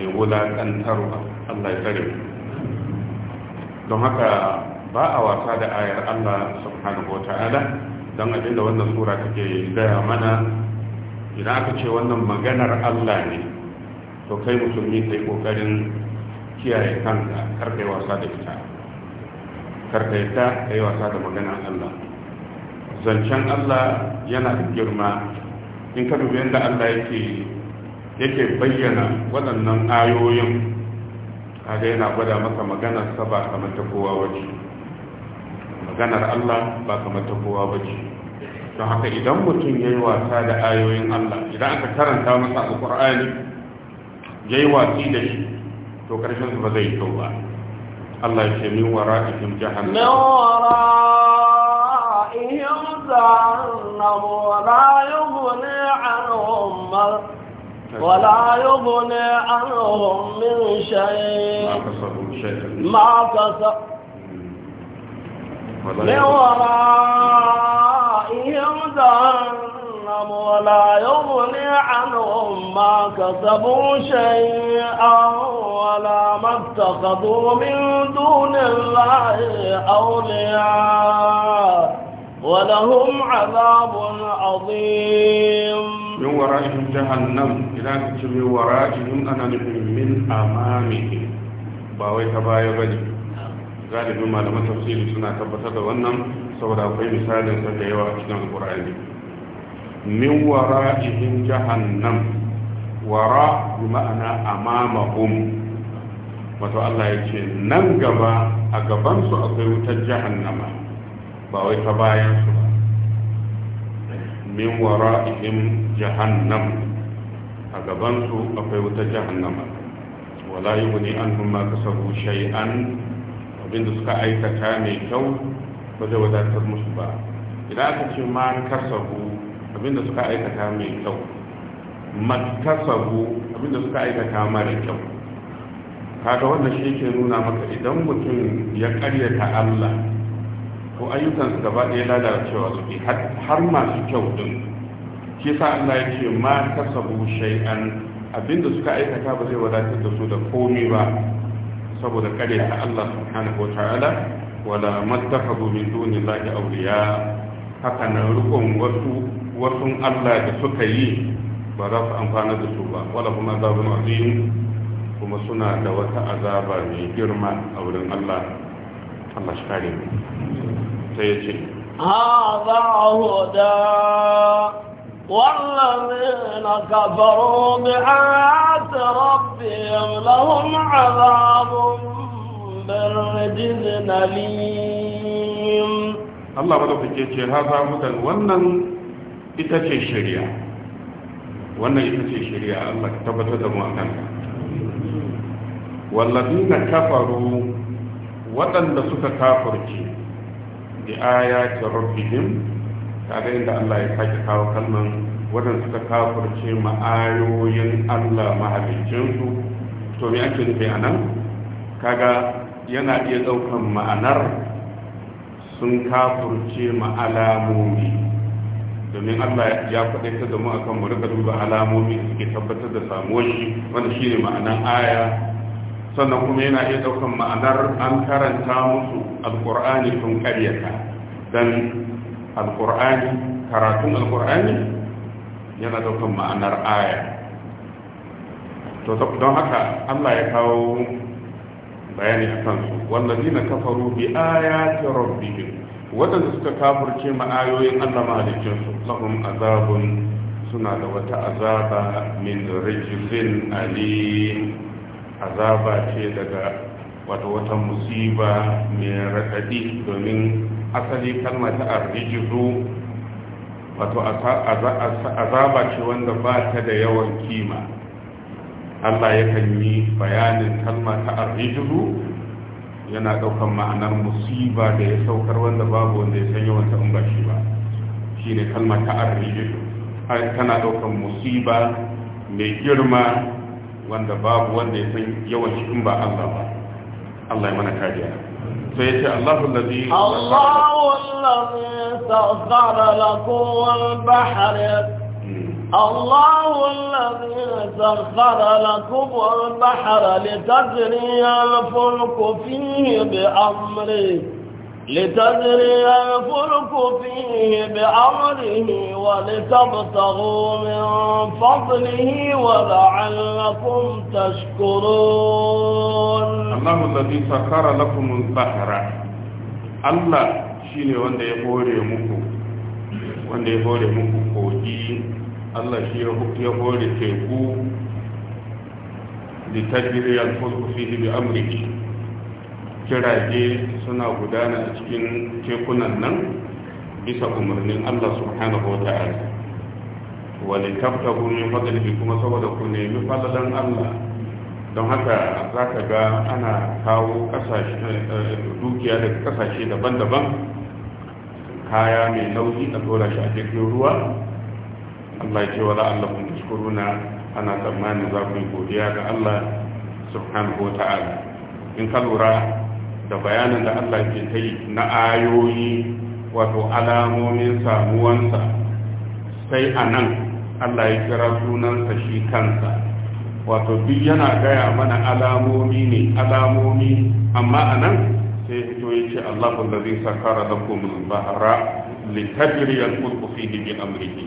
[SPEAKER 1] mai wulaƙantarwa Allah ya tare mu don haka ba a wasa da ayar Allah subhanahu ta'ala don abinda wannan sura take gaya mana idan aka ce wannan maganar Allah ne to kai musulmi kai kokarin kiyaye kanka yi wasa da ita karka yadda ka yi wasa da maganar Allah zancen Allah yana da girma in ka dubi yadda Allah yake yake bayyana waɗannan ayoyin kaga yana gwada maka maganar sa ba kamar ta kowa bace maganar Allah ba kamar ta kowa bace don haka idan mutum ya yi wasa da ayoyin Allah idan aka karanta masa ya yi wasi da shi to karshen ba zai kyau ba Allah ya ce min wara a min wara'ihim jahannam
[SPEAKER 2] ولا يغني عنهم من شيء ما كسب من ورائهم جهنم ولا يغني عنهم ما كسبوا شيئا ولا ما اتخذوا من دون الله أولياء ولهم عذاب عظيم
[SPEAKER 1] min wara'ihim jahannam idan ka ce min wara'ihim ana nufin min amami ba wai ta baya bane galibin malaman tafsiri suna tabbatar da wannan saboda akwai misalin sa da yawa a cikin alqur'ani min wara'ihim jahannam wara bi ma'ana amamahum wato Allah ya ce nan gaba a gaban su akwai wutar jahannama ba wai ta bayan su min wara'ihim jahannam a gabansu akwai wuta jahannama wala yi wani an kuma kasaru shay'an abinda suka aikata mai kyau ba zai wadatar musu ba idan aka ce ma kasaru abinda suka aikata mai kyau abin abinda suka aikata mara kyau kaga wannan shi ke nuna maka idan mutum ya karyata Allah to ayyukansu gaba ɗaya lalacewa suke har masu kyau din shi sa Allah ya ce ma kasabu shay'an abinda suka aikata ba zai wadatar da su da komai ba saboda kare ta Allah subhanahu wataala wala mattakhadhu min dunillahi awliya haka na rukun wasu wasu Allah da suka yi ba za su amfana da su ba wala kuma azabun azim kuma suna da wata azaba mai girma a wurin Allah مشاري سيتي
[SPEAKER 2] هذا هدى والذين كفروا بآيات ربهم لهم عذاب بالرجز نليم
[SPEAKER 1] الله بدو في تيتي هذا هدى ونن إتتي الشريعة ونن إتتي الشريعة الله كتبت دموة والذين كفروا waɗanda suka kafurce da ayatin rabbihim kaga inda Allah ya sake kawo kalman waɗanda suka kafurce ma'ayoyin Allah mahalicinsu to me ake nufi a nan kaga yana iya ɗaukan ma'anar sun kafurce ma'alamomi domin Allah ya faɗaita da mu akan mu rika duba alamomi suke tabbatar da samuwar shi wanda shine ma'anan aya sannan kuma yana iya ɗaukan ma'anar an karanta musu alkur'ani sun karyata don alkur'ani karatun alkur'ani yana ɗaukan ma'anar aya to don haka allah ya kawo bayani a kansu wallazi na kafaru bi ayati rabbihim waɗanda suka kafurce ma'ayoyin allah mahalicinsu lahum azabun suna da wata azaba min rijzin alim azaba ce daga wata wata musiba mai raɗaɗi domin asali kalmata ta arrijizu wato azaba ce wanda ba ta da yawan kima Allah yakan yi bayanin kalma ta arrijizu yana ɗaukar ma'anar musiba da ya saukar wanda babu wanda ya sanya wata ta'un ba shi ba shi ne kalmata ta arrijizu tana ɗaukar musiba mai girma wanda babu wanda ya san yawan shi ba Allah ba Allah ya mana kariya sai yace Allahu allazi Allahu
[SPEAKER 2] allazi sakhara lakum al-bahr الله الذي سخر لكم al-fulku fihi bi amri لتجري الفلك فيه بأمره ولتبتغوا من فضله ولعلكم تشكرون
[SPEAKER 1] الله الذي سخر لكم البحر الله shine wanda ya hore muku wanda ya hore muku kogi Allah shi ya hore teku da tajiri suna gudana a cikin tekunan nan bisa umarnin Allah subhanahu wa ta'ala wani taftahu min fadlihi kuma saboda ku nemi fadalan Allah don haka za ka ga ana kawo dukiya daga kasashe daban-daban kaya mai nauyi a dora shi a jirgin ruwa Allah ce wa la'allahum na, ana tsammanin za ku yi godiya ga Allah subhanahu wa ta'ala in ka lura da bayanin da Allah ke ta yi na ayoyi wato alamomin samuwansa sai a nan Allah ya kira sunansa shi kansa wato duk yana gaya mana alamomi ne alamomi amma nan sai fito ya ce Allahu allazi sakara lakum al-bahra litajri al-fulku fihi bi amrihi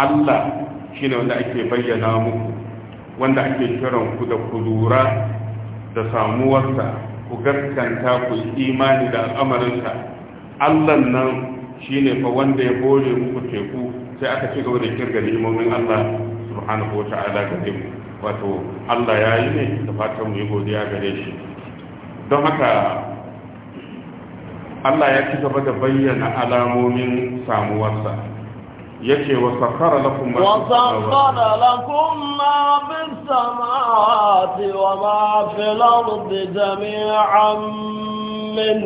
[SPEAKER 1] Allah shine wanda ake bayyana muku wanda ake kiran ku da kudura da samuwarsa ku gaskanta ku imani da al'amarinsa allah nan shi ne fa wanda ya bore muku teku sai aka ci gaba da kirga limomin Allah subhanahu wa ta'ala gare mu wato Allah ya yi ne da fatan mu yi godiya gare shi don haka Allah ya ci gaba da bayyana alamomin samuwarsa yake wasakhara lakum ma wasakhara
[SPEAKER 2] lakum ma fis samawati wa ma fil ardi jami'an min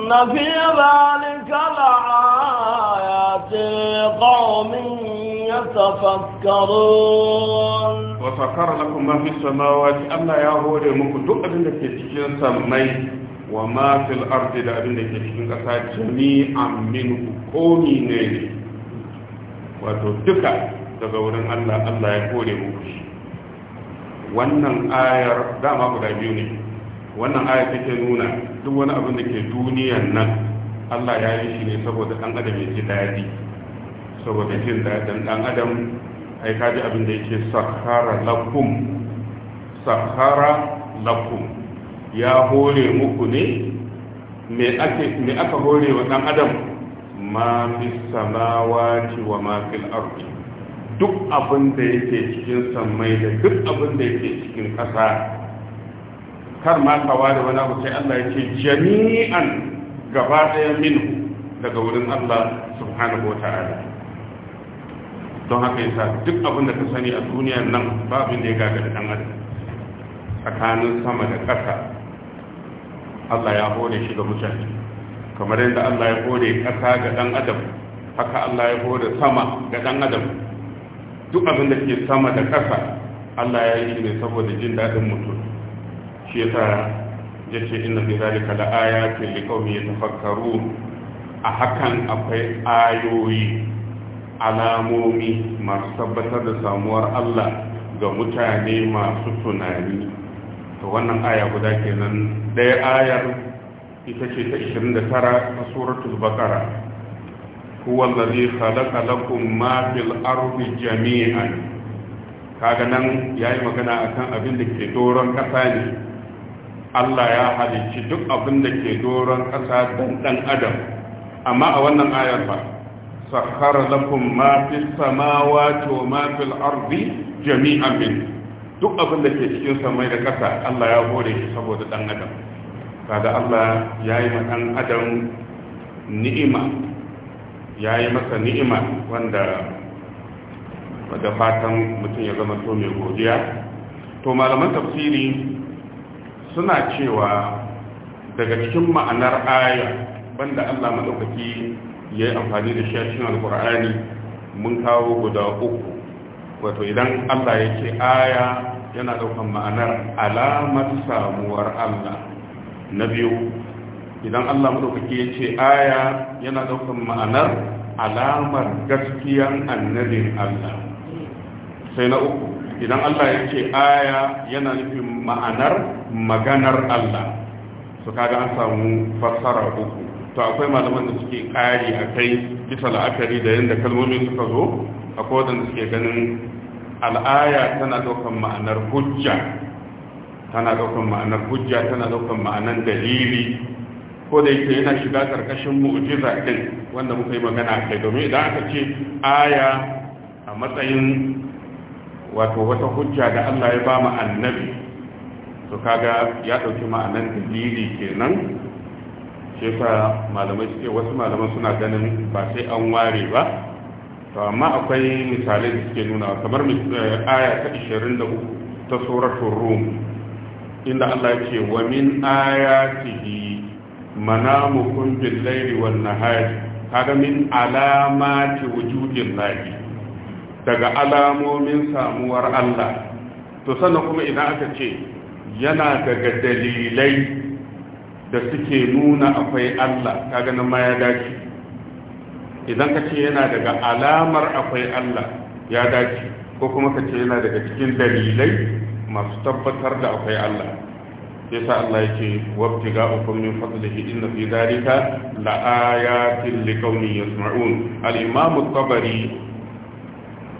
[SPEAKER 2] إن في ذلك لآيات قوم
[SPEAKER 1] يتفكرون وسخر لكم ما في السماوات ألا يا هو لمكم دؤ أبن كتشين سمي وما في الأرض لأبن كتشين أسا جميعا منه قومي نيني وتدكى تقولن ألا ألا يقول لمكم wannan ayar dama guda biyu ne wannan ayar take nuna duk wani abin da ke duniyan nan Allah ya yi shi ne saboda ɗan adam ya ji daɗi saboda jin daɗin ɗan adam ai ka ji abin da yake sahara lakum sahara lakum ya hore muku ne me aka hore wa ɗan adam ma fi samawati wa ma fil duk abin da yake cikin sammai da duk abin da yake cikin ƙasa kar ma ka ware wani abu sai Allah ya ce jami'an gaba ɗaya minhu daga wurin Allah subhanahu wa ta'ala don haka yasa duk abin da ka sani a duniyar nan ba abin da ya gaga da adam tsakanin sama da ƙasa Allah ya hore shi ga mutane kamar yadda Allah ya hore ƙasa ga dan adam haka Allah ya hore sama ga dan adam duk abin da ke sama da ƙasa Allah ya yi ne saboda jin daɗin mutum shi yasa yace inna fi zalika la ayatin liqaumin yatafakkarun a hakan akwai ayoyi alamomi masu tabbatar da samuwar Allah ga mutane masu tunani to wannan aya guda kenan ɗaya ayar ita ce ta 29 ta suratul baqara huwa allazi khalaqa lakum ma fil ardi jami'an kaga nan yayi magana akan abin da ke doron kasa ne Allah ya halicci duk abin da ke doron ƙasa dan ɗan adam amma a wannan ayar ba sakhar lakum ma fis samawati wa ma fil jami'an min duk abin da ke cikin samai da ƙasa Allah ya hore shi saboda ɗan adam kaga Allah ya yi ma adam ni'ima ya yi masa ni'ima wanda da fatan mutum ya zama so mai godiya to malaman tafsiri suna cewa daga cikin ma'anar aya banda Allah madaukaki ya yi amfani da shashin alkur'ani mun kawo guda uku wato idan Allah ya ce aya yana daukan ma'anar alamar samuwar Allah na biyu idan Allah madaukaki ya ce aya yana daukan ma'anar alamar gaskiyan annabin Allah sai na uku idan Allah ya ce aya yana nufin ma'anar maganar Allah su kaga an samu fassara uku to akwai malaman da suke kari a kai bisa la'akari da yadda kalmomi suka zo a kodin da suke ganin al'aya tana daukan ma'anar hujja tana daukan ma'anar hujja tana daukan ma'anar dalili ko da yake yana shiga karkashin mu'jiza din wanda muka yi magana a kai domin idan aka ce aya a matsayin wato wata hujja da Allah ya ba mu annabi to kaga ya ɗauki ma'anar dalili kenan shi fa malamai suke wasu malaman suna ganin ba sai an ware ba to amma akwai misalai da suke nuna kamar eh, aya ta 23 ta suratul rum inda Allah yake wa min ayatihi manamukum bil laili wan nahari kaga min alamati wujudin lahi daga alamomin samuwar Allah to sannan kuma idan aka ce yana daga dalilai da suke nuna akwai Allah kaga nan ma ya dace idan ka ce yana daga alamar akwai Allah ya dace ko kuma ka ce yana daga cikin dalilai masu tabbatar da akwai Allah yasa Allah yake wabtiga ukum min fadlihi inna fi dhalika la ayatin liqawmi yasma'un al-imam at-tabari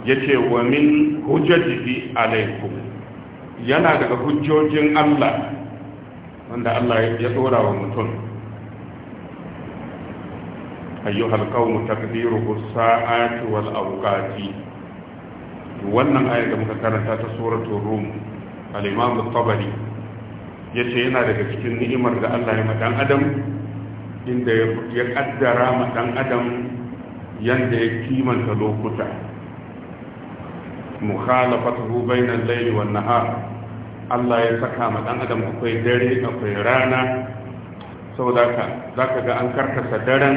[SPEAKER 1] yace wa min hujjati alaykum yana daga hujjojin Allah wanda Allah ya tsora wa mutum ayyuhal qawmu taqdiruhu sa'ati wal awqati wannan ayar da muka karanta ta suratul rum al-imam at-tabari yace yana daga cikin ni'imar da Allah ya madan adam inda ya kaddara ma ɗan adam yanda ya kimanta lokuta mukhalafatuhu bainal layli wan nahar Allah ya saka ma dan adam akwai dare akwai rana saboda ka za ga an karkasa daren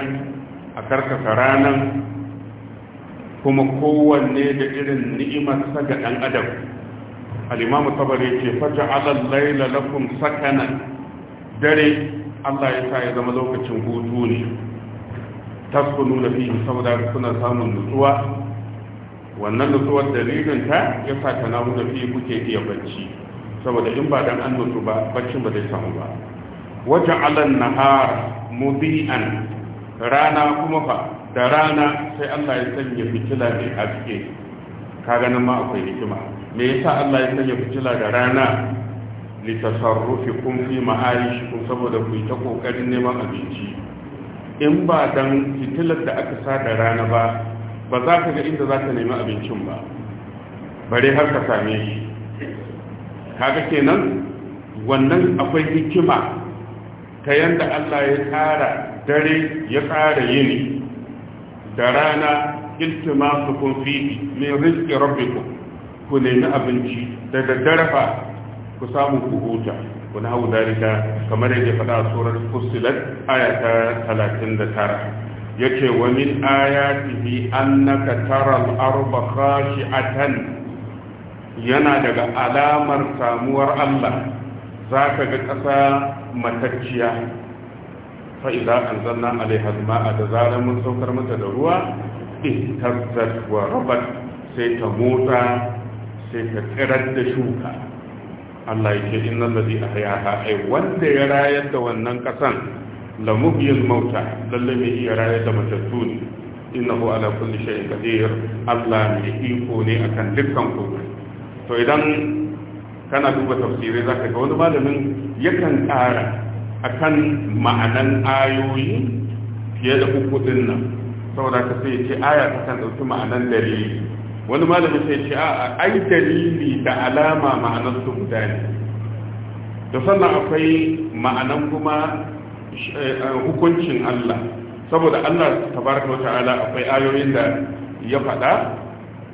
[SPEAKER 1] a karkasa ranan kuma kowanne da irin ni'imarsa ga dan adam al imam tabari ce faja'ala al-laila lakum sakana dare Allah ya sa ya zama lokacin hutu ne tasbunu da fiye saboda kuna samun nutsuwa wannan nutsuwar dalilin ta ya sa ta namu da fi kuke iya bacci saboda in ba dan an ba baccin ba zai samu ba wajen alan nahar mubi'an rana kuma fa da rana sai Allah ya sanya fitila ne a haske kaga nan ma akwai hikima me yasa Allah ya sanya fitila da rana kun fi ma'aishikum saboda ku ta kokarin neman abinci in ba dan fitilar da aka sa da rana ba ba za ka ga inda za ka nemi abincin ba bare har ka same shi kaga kenan wannan akwai hikima ta yanda Allah ya tsara dare ya tsara yini da rana kun fihi mai rizqi rabbikum ku nemi abinci daga darafa ku samu ku huta wani hau darika kamar yadda faɗa a tsoron fusilar ayata talatin da tara ya ce ayatihi annaka tara al'arba khashi'atan yana daga alamar samuwar Allah za ka ga ƙasa matacciya fa'iza an zanna alaihazma a da zarar mun saukar mata da ruwa in tazzat wa rabat sai ta motsa sai ta tsirar da shuka Allah yake inna lalzi a hayaha ai wanda ya rayar da wannan ƙasan lamubiyar mauta lallai mai iya rayar da matattu ne innahu ala kulli shay'in qadir Allah mai iko ne akan dukkan kogin to idan kana duba tafsirai za ka ga wani malamin yakan ƙara kan ma'anan ayoyi fiye da uku ɗin nan saboda ka sai ce aya ta kan ɗauki ma'anan dalili wani malamin sai ce a ai dalili da alama ma'anar su guda ne da sannan akwai ma'anan kuma eh, hukuncin Allah saboda Allah baraka wata ta'ala akwai ayoyin da ya faɗa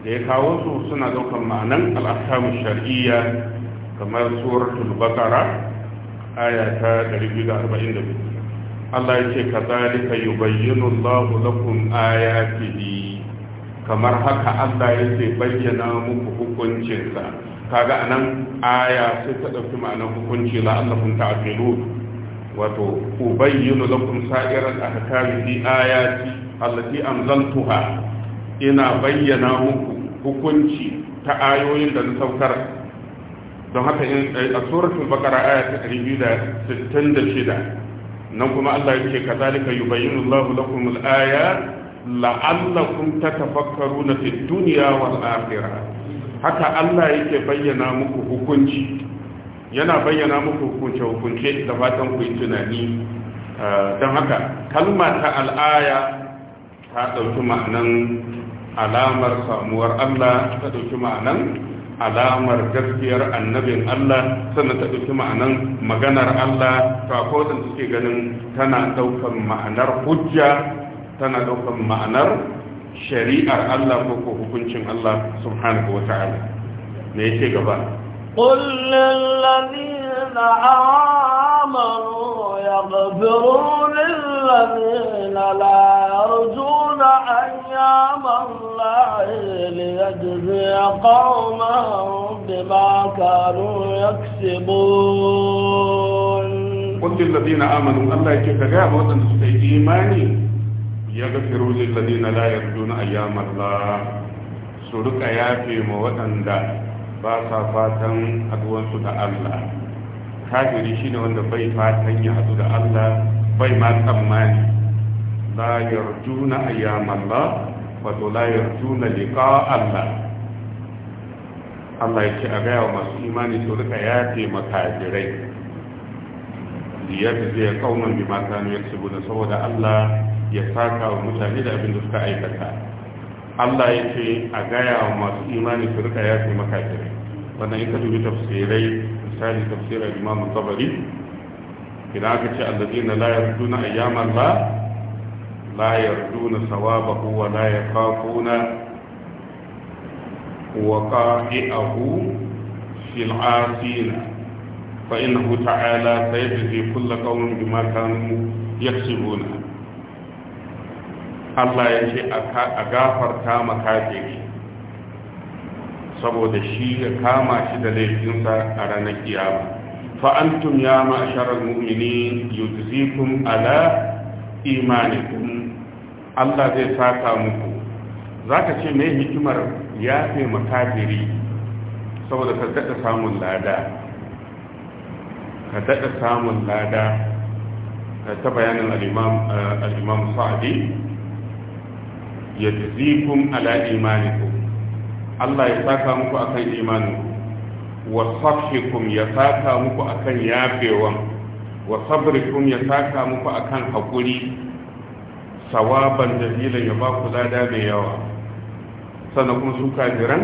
[SPEAKER 1] da ya kawo su suna ɗaukar ma'anan al'akamu shar'iyya kamar suratul baqara aya ta 242 Allah yake kadalika yubayyinu Allahu lakum ayatihi kamar haka Allah yake bayyana muku hukuncinsa kaga anan aya sai ta dauki ma'anar hukunci la'allakum ta'qilun wato ubayyinu lakum sa'iral ahkami fi ayati allati anzaltuha ina bayyana muku hukunci ta ayoyin da na saukar don haka eh, a suratul bakara aya ta 266 nan kuma Allah yake kazalika yubayyinu Allahu lakum al-ayat la'allakum tatafakkaruna fid dunya wal akhirah haka Allah yake bayyana muku hukunci yana bayyana muku hukunce hukunce da fatan ku yi tunani eh, don haka kalma ta al'aya ta dauki ma'anan alamar samuwar Allah ta ɗauki ma'anan alamar gaskiyar annabin Allah sannan ta dauki ma'anan maganar Allah to akwai suke ganin tana ɗaukar ma'anar hujja tana ɗaukar ma'anar shari'ar Allah ko ko hukuncin Allah subhanahu wa ta'ala me yake gaba
[SPEAKER 2] qul lil الذين آمنوا يغفروا للذين لا يرجون أيام الله ليجزي قوما
[SPEAKER 1] بما كانوا يكسبون قلت الذين آمنوا أن لا يتفقى وطن إيماني يغفروا للذين لا يرجون أيام الله سرق يافي وطن ba sa fatan haduwansu da Allah kafiri shine wanda bai fatan ya hadu da Allah bai ma tsammani la yarjuna ayyam Allah wato la yarjuna liqa Allah Allah yake a gaya wa masu imani to rika ya ce makafirai liyar zai kauna bi makanu ya saboda Allah ya saka wa mutane da abin da suka aikata Allah ya ce a gaya wa masu imani su rika ya ce makafirai wannan ita dubi tafsirai misali tafsirar imamu tabari idan aka ce allazina la yarduna ayyaman la la yarduna sawabahu wa la yakhafuna waqa'i'ahu fil 'asina fa innahu ta'ala sayajzi kull qawmin bima kanu yaksubuna Allah ya ce a gafarta makafiri saboda shi ya kama shi da laifinsa a ranar kiyama fa'antum ya ma'asharar mu'mini yujzikum ala imanikum Allah zai saka muku zaka ce me hikimar ya fi makafiri saboda ka daɗa samun lada ka daɗa samun lada ta bayanin al'imam sa'adi ya ala imanikum Allah ya saka muku akan imani wa safikum ya saka muku akan yafewan wa sabrikum ya saka muku akan hakuri sawaban jamilan ya ba ku lada mai yawa sannan kuma su kajiran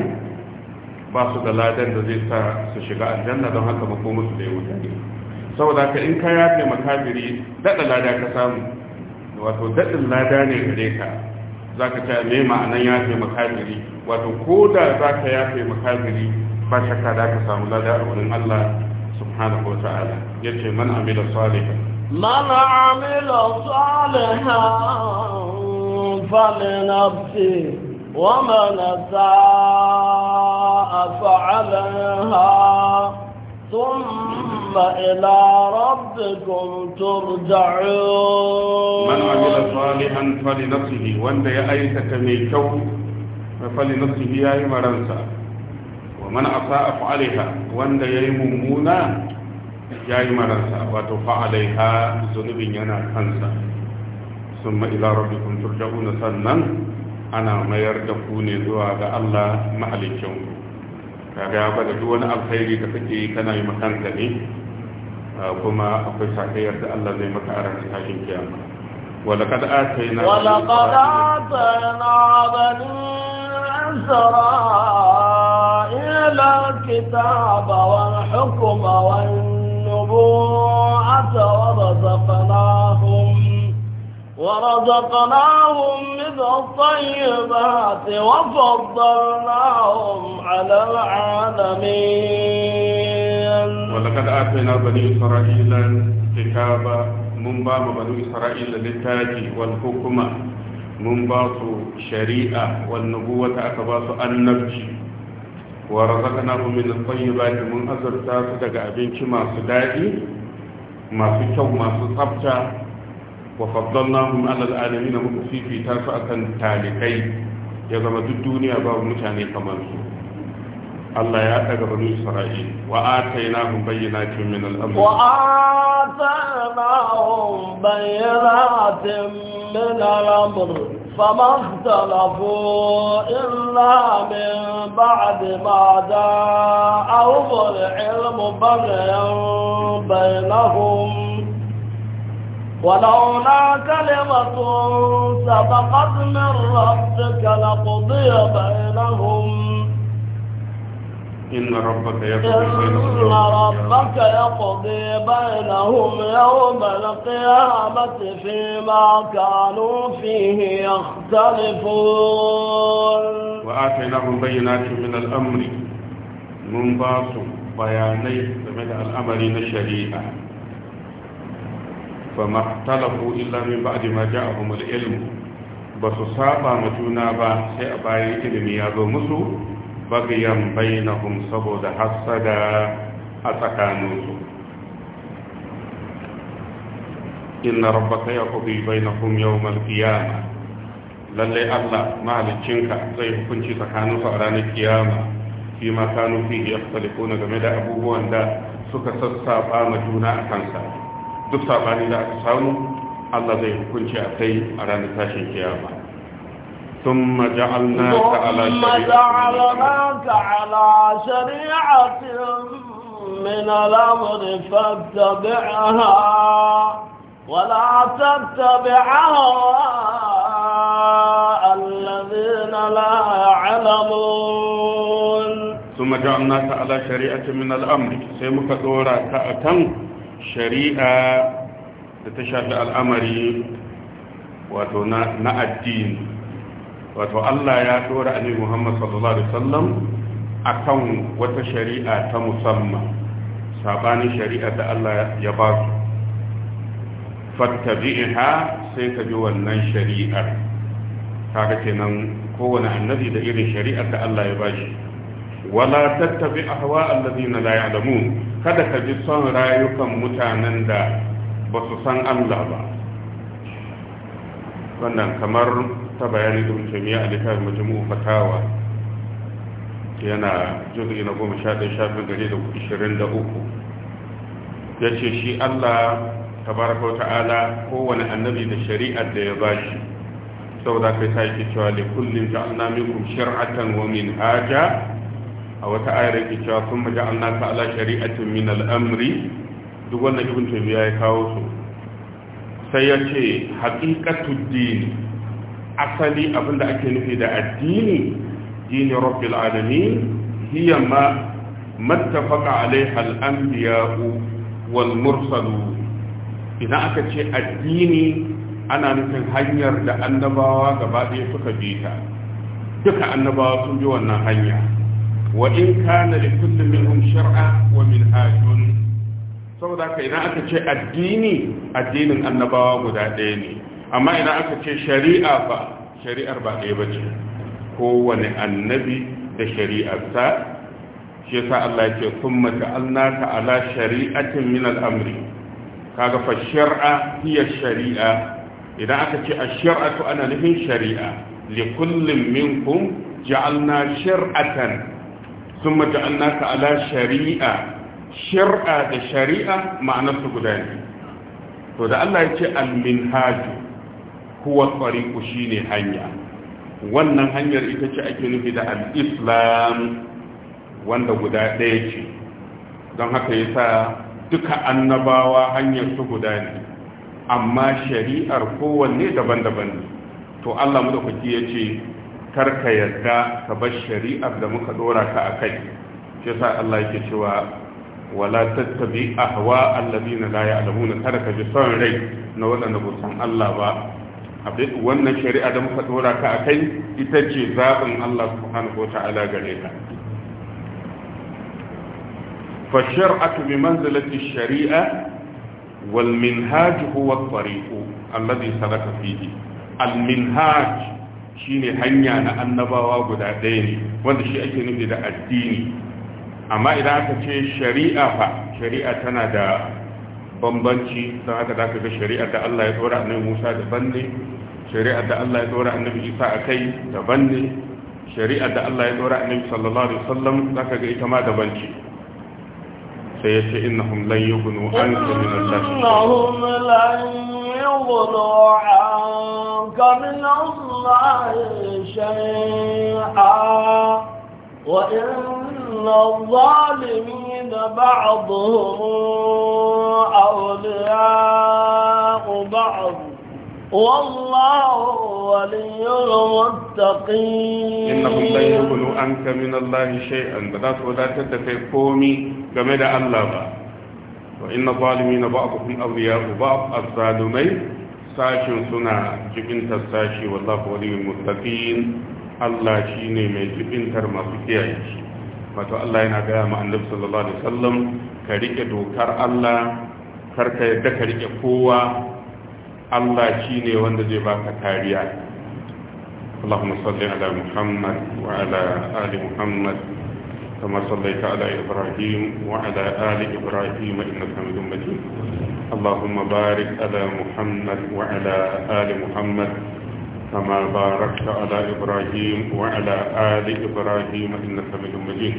[SPEAKER 1] ba su da ladan da zai sa su shiga aljanna don haka mako musu da ya wuta saboda ka in ka yafe makafiri daɗa lada ka samu wato daɗin lada ne gare ka zaka ka ta me ma'anan yafe makafiri wato ko da zaka yafe makafiri ba shakka da ka samu lada a wurin Allah subhanahu wa ta'ala ya man amila Salih.
[SPEAKER 2] man amila salika fali nafsi wa man sa'a fa'alaha thumma ثم إلى ربكم ترجعون من عمل صالحا
[SPEAKER 1] فلنفسه وان يا أيتك ميكو فلنفسه يا مرنسا ومن أساء فعليها وان يا ممونا يا مرنسا وتفعليها ذنب ينا كنسا ثم إلى ربكم ترجعون سنن ana mayar da ku ne zuwa ga Allah mahalicinku kaga ya bada duk wani alkhairi da kake yi kana yi makanka ne kuma akwai sakayyar da Allah zai maka a ranar kiyama ولقد آتينا ولقد
[SPEAKER 2] آتينا بني إسرائيل الكتاب والحكم والنبوءة ورزقناهم ورزقناهم من الطيبات وفضلناهم على العالمين
[SPEAKER 1] ولقد آتينا بني إسرائيل الكتاب من باب بني إسرائيل للتاج والحكمة من باب شريعة والنبوة أكباس النبج ورزقناه من الطيبات من أزر تاسدق أبنك ما سدائي ما سكو ما سطبت وفضلناهم على العالمين مكفي في تاسو أكن تالكي يزم الدنيا باب متاني كمان سوء الله يا أجر بني إسرائيل وآتيناهم بينات من الأمر
[SPEAKER 2] وآتيناهم بينات من الأمر فما اختلفوا إلا من بعد ما جاءهم العلم بغيا بينهم ولولا كلمة سبقت من ربك لقضي بينهم
[SPEAKER 1] إن ربك يقضي بينهم يوم
[SPEAKER 2] القيامة فيما كانوا فيه يختلفون
[SPEAKER 1] وآتيناهم بينات من الأمر من باص بياني من الأمر الشريعة فما اختلفوا إلا من بعد ما جاءهم العلم بس صابا متونا با سيأبا إلمي يا مسو bagiyan bainahum saboda hasada a tsakaninsu inna rabbaka yaqdi bainahum yawmal kiyama. lalle Allah mahaliccinka zai hukunci tsakaninsu a ranar kiyama fi ma kanu fihi yakhtalifuna game da abubuwan da suka sassaɓa ma juna a kansa duk sabani da aka samu Allah zai hukunci a kai a ranar tashin kiyama ثم جعلناك على شريعة
[SPEAKER 2] على شريعة من الأمر فاتبعها ولا تتبع الذين لا يعلمون
[SPEAKER 1] ثم جعلناك على شريعة من الأمر سيمك دورا تأتم شريعة تتشافي الأمر وتنا الدين wato Allah ya dora annabi Muhammad sallallahu alaihi wasallam akan wata shari'a ta musamman sabanin shari'a da Allah ya ba su fattabi'ha sai ka bi wannan shari'ar kaga kenan kowane annabi da irin shari'ar da Allah ya bashi wala tattabi ahwa alladhina la ya'lamun kada ka bi son rayukan mutanen da ba su san Allah ba wannan kamar ta bayani da taymiya a littafin majami'u fatawa yana jirgin na goma sha ɗaya shafin gari da ishirin da uku ya ce shi allah Ta tabaraka ta'ala kowane annabi da shari'ar da ya ba shi saboda kai ta yake cewa da kullum ja'alna minkum shir'atan wa min haja a wata ayar yake cewa sun maja allah ta ala shari'atin min al'amri duk wannan ibn taymiya ya kawo su sai ya ce haƙiƙatu dini asali abinda ake nufi da addini dini rabbil alamin hiya ma mattafaqa alaiha al-anbiya'u wal mursalun idan aka ce addini ana nufin hanyar da annabawa gaba ɗaya suka bi ta duka annabawa sun bi wannan hanya wa in kana li kulli minhum shar'a wa minhajun saboda haka idan aka ce addini addinin annabawa guda ɗaya ne amma idan aka ce shari'a ba shari'ar ba ɗaya ba ce kowane annabi da shari'arsa shi sa Allah ya ce summa ja'alnaka ala shari'atin min al'amri amri kaga fa shar'a hiya shari'a idan aka ce ash-shar'atu ana nufin shari'a li kullin minkum ja'alna shar'atan summa ja'alnaka ala shari'a shari'a da shari'a ma'anar su guda ne to da Allah ya ce al haju. huwa shi ne hanya wannan hanyar ita ce ake nufi da al wanda guda ɗaya ce don haka ya sa duka annabawa hanyar su guda ne amma shari'ar kowanne daban-daban ne to Allah mu madaukaki ya ce karka yadda ka bar shari'ar da muka dora ka a kai shi sa Allah yake cewa wala tattabi ahwa na la ya'lamuna kada ka ji son rai na waɗanda ba san Allah ba wannan shari'a da muka dora ka a kai ita ce zaɓin Allah subhanahu wa ta'ala gare ka Fashiyar aka bi manzilati shari'a wal minhaj huwa at-tariq alladhi salaka fihi al minhaj shine hanya na annabawa guda ɗaya ne wanda shi ake nufi da addini amma idan aka ce shari'a fa shari'a tana da bambanci don haka za ka ga shari'ar da Allah ya tsora nan Musa daban ne shari'a da Allah ya dora annabi Isa a kai daban ne shari'a da Allah ya dora annabi sallallahu alaihi wasallam zaka ga ita ma daban ce sai ya ce innahum lan yughnu anka min Allah innahum
[SPEAKER 2] lan yughnu anka min Allah shay'a وإن الظالمين بعضهم أولياء بعض والله ولي المتقين إنهم game da
[SPEAKER 1] Allah من الله شيئا بدأت وداتت كي قومي جمد الله وإن الظالمين بعضهم أولياء بعض الظالمين sashin suna jibintar sashi wallahu waliyul muttaqin Allah shine mai jibintar masu kiyaye shi wato Allah yana gaya ma annabi sallallahu alaihi wasallam ka rike dokar Allah kar ka ka riƙe kowa الله شيني ne wanda zai اللهم kariya Allahumma salli وعلى آل محمد كما صليت على إبراهيم وعلى آل إبراهيم إنك حميد مجيد اللهم بارك على محمد وعلى آل محمد كما باركت على إبراهيم وعلى آل إبراهيم إنك حميد مجيد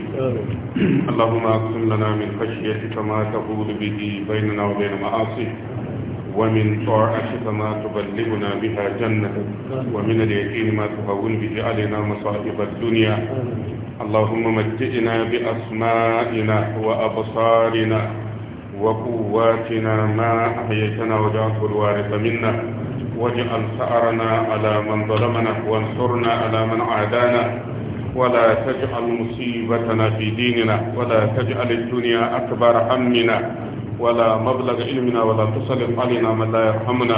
[SPEAKER 1] اللهم أقسم لنا من خشيتك ما تقول به بيننا وبين معاصيك ومن طاعتك ما تبلغنا بها جنتك ومن اليقين ما تهون به علينا مصائب الدنيا اللهم مجئنا بأسمائنا وأبصارنا وقواتنا ما أحييتنا وجعله الوارث منا واجعل ثأرنا على من ظلمنا وانصرنا على من عادانا ولا تجعل مصيبتنا في ديننا ولا تجعل الدنيا أكبر همنا ولا مبلغ علمنا ولا تسلم علينا من لا يرحمنا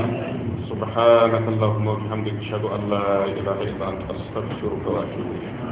[SPEAKER 1] سبحانك اللهم وبحمدك اشهد ان لا اله الا انت استغفرك واتوب اليك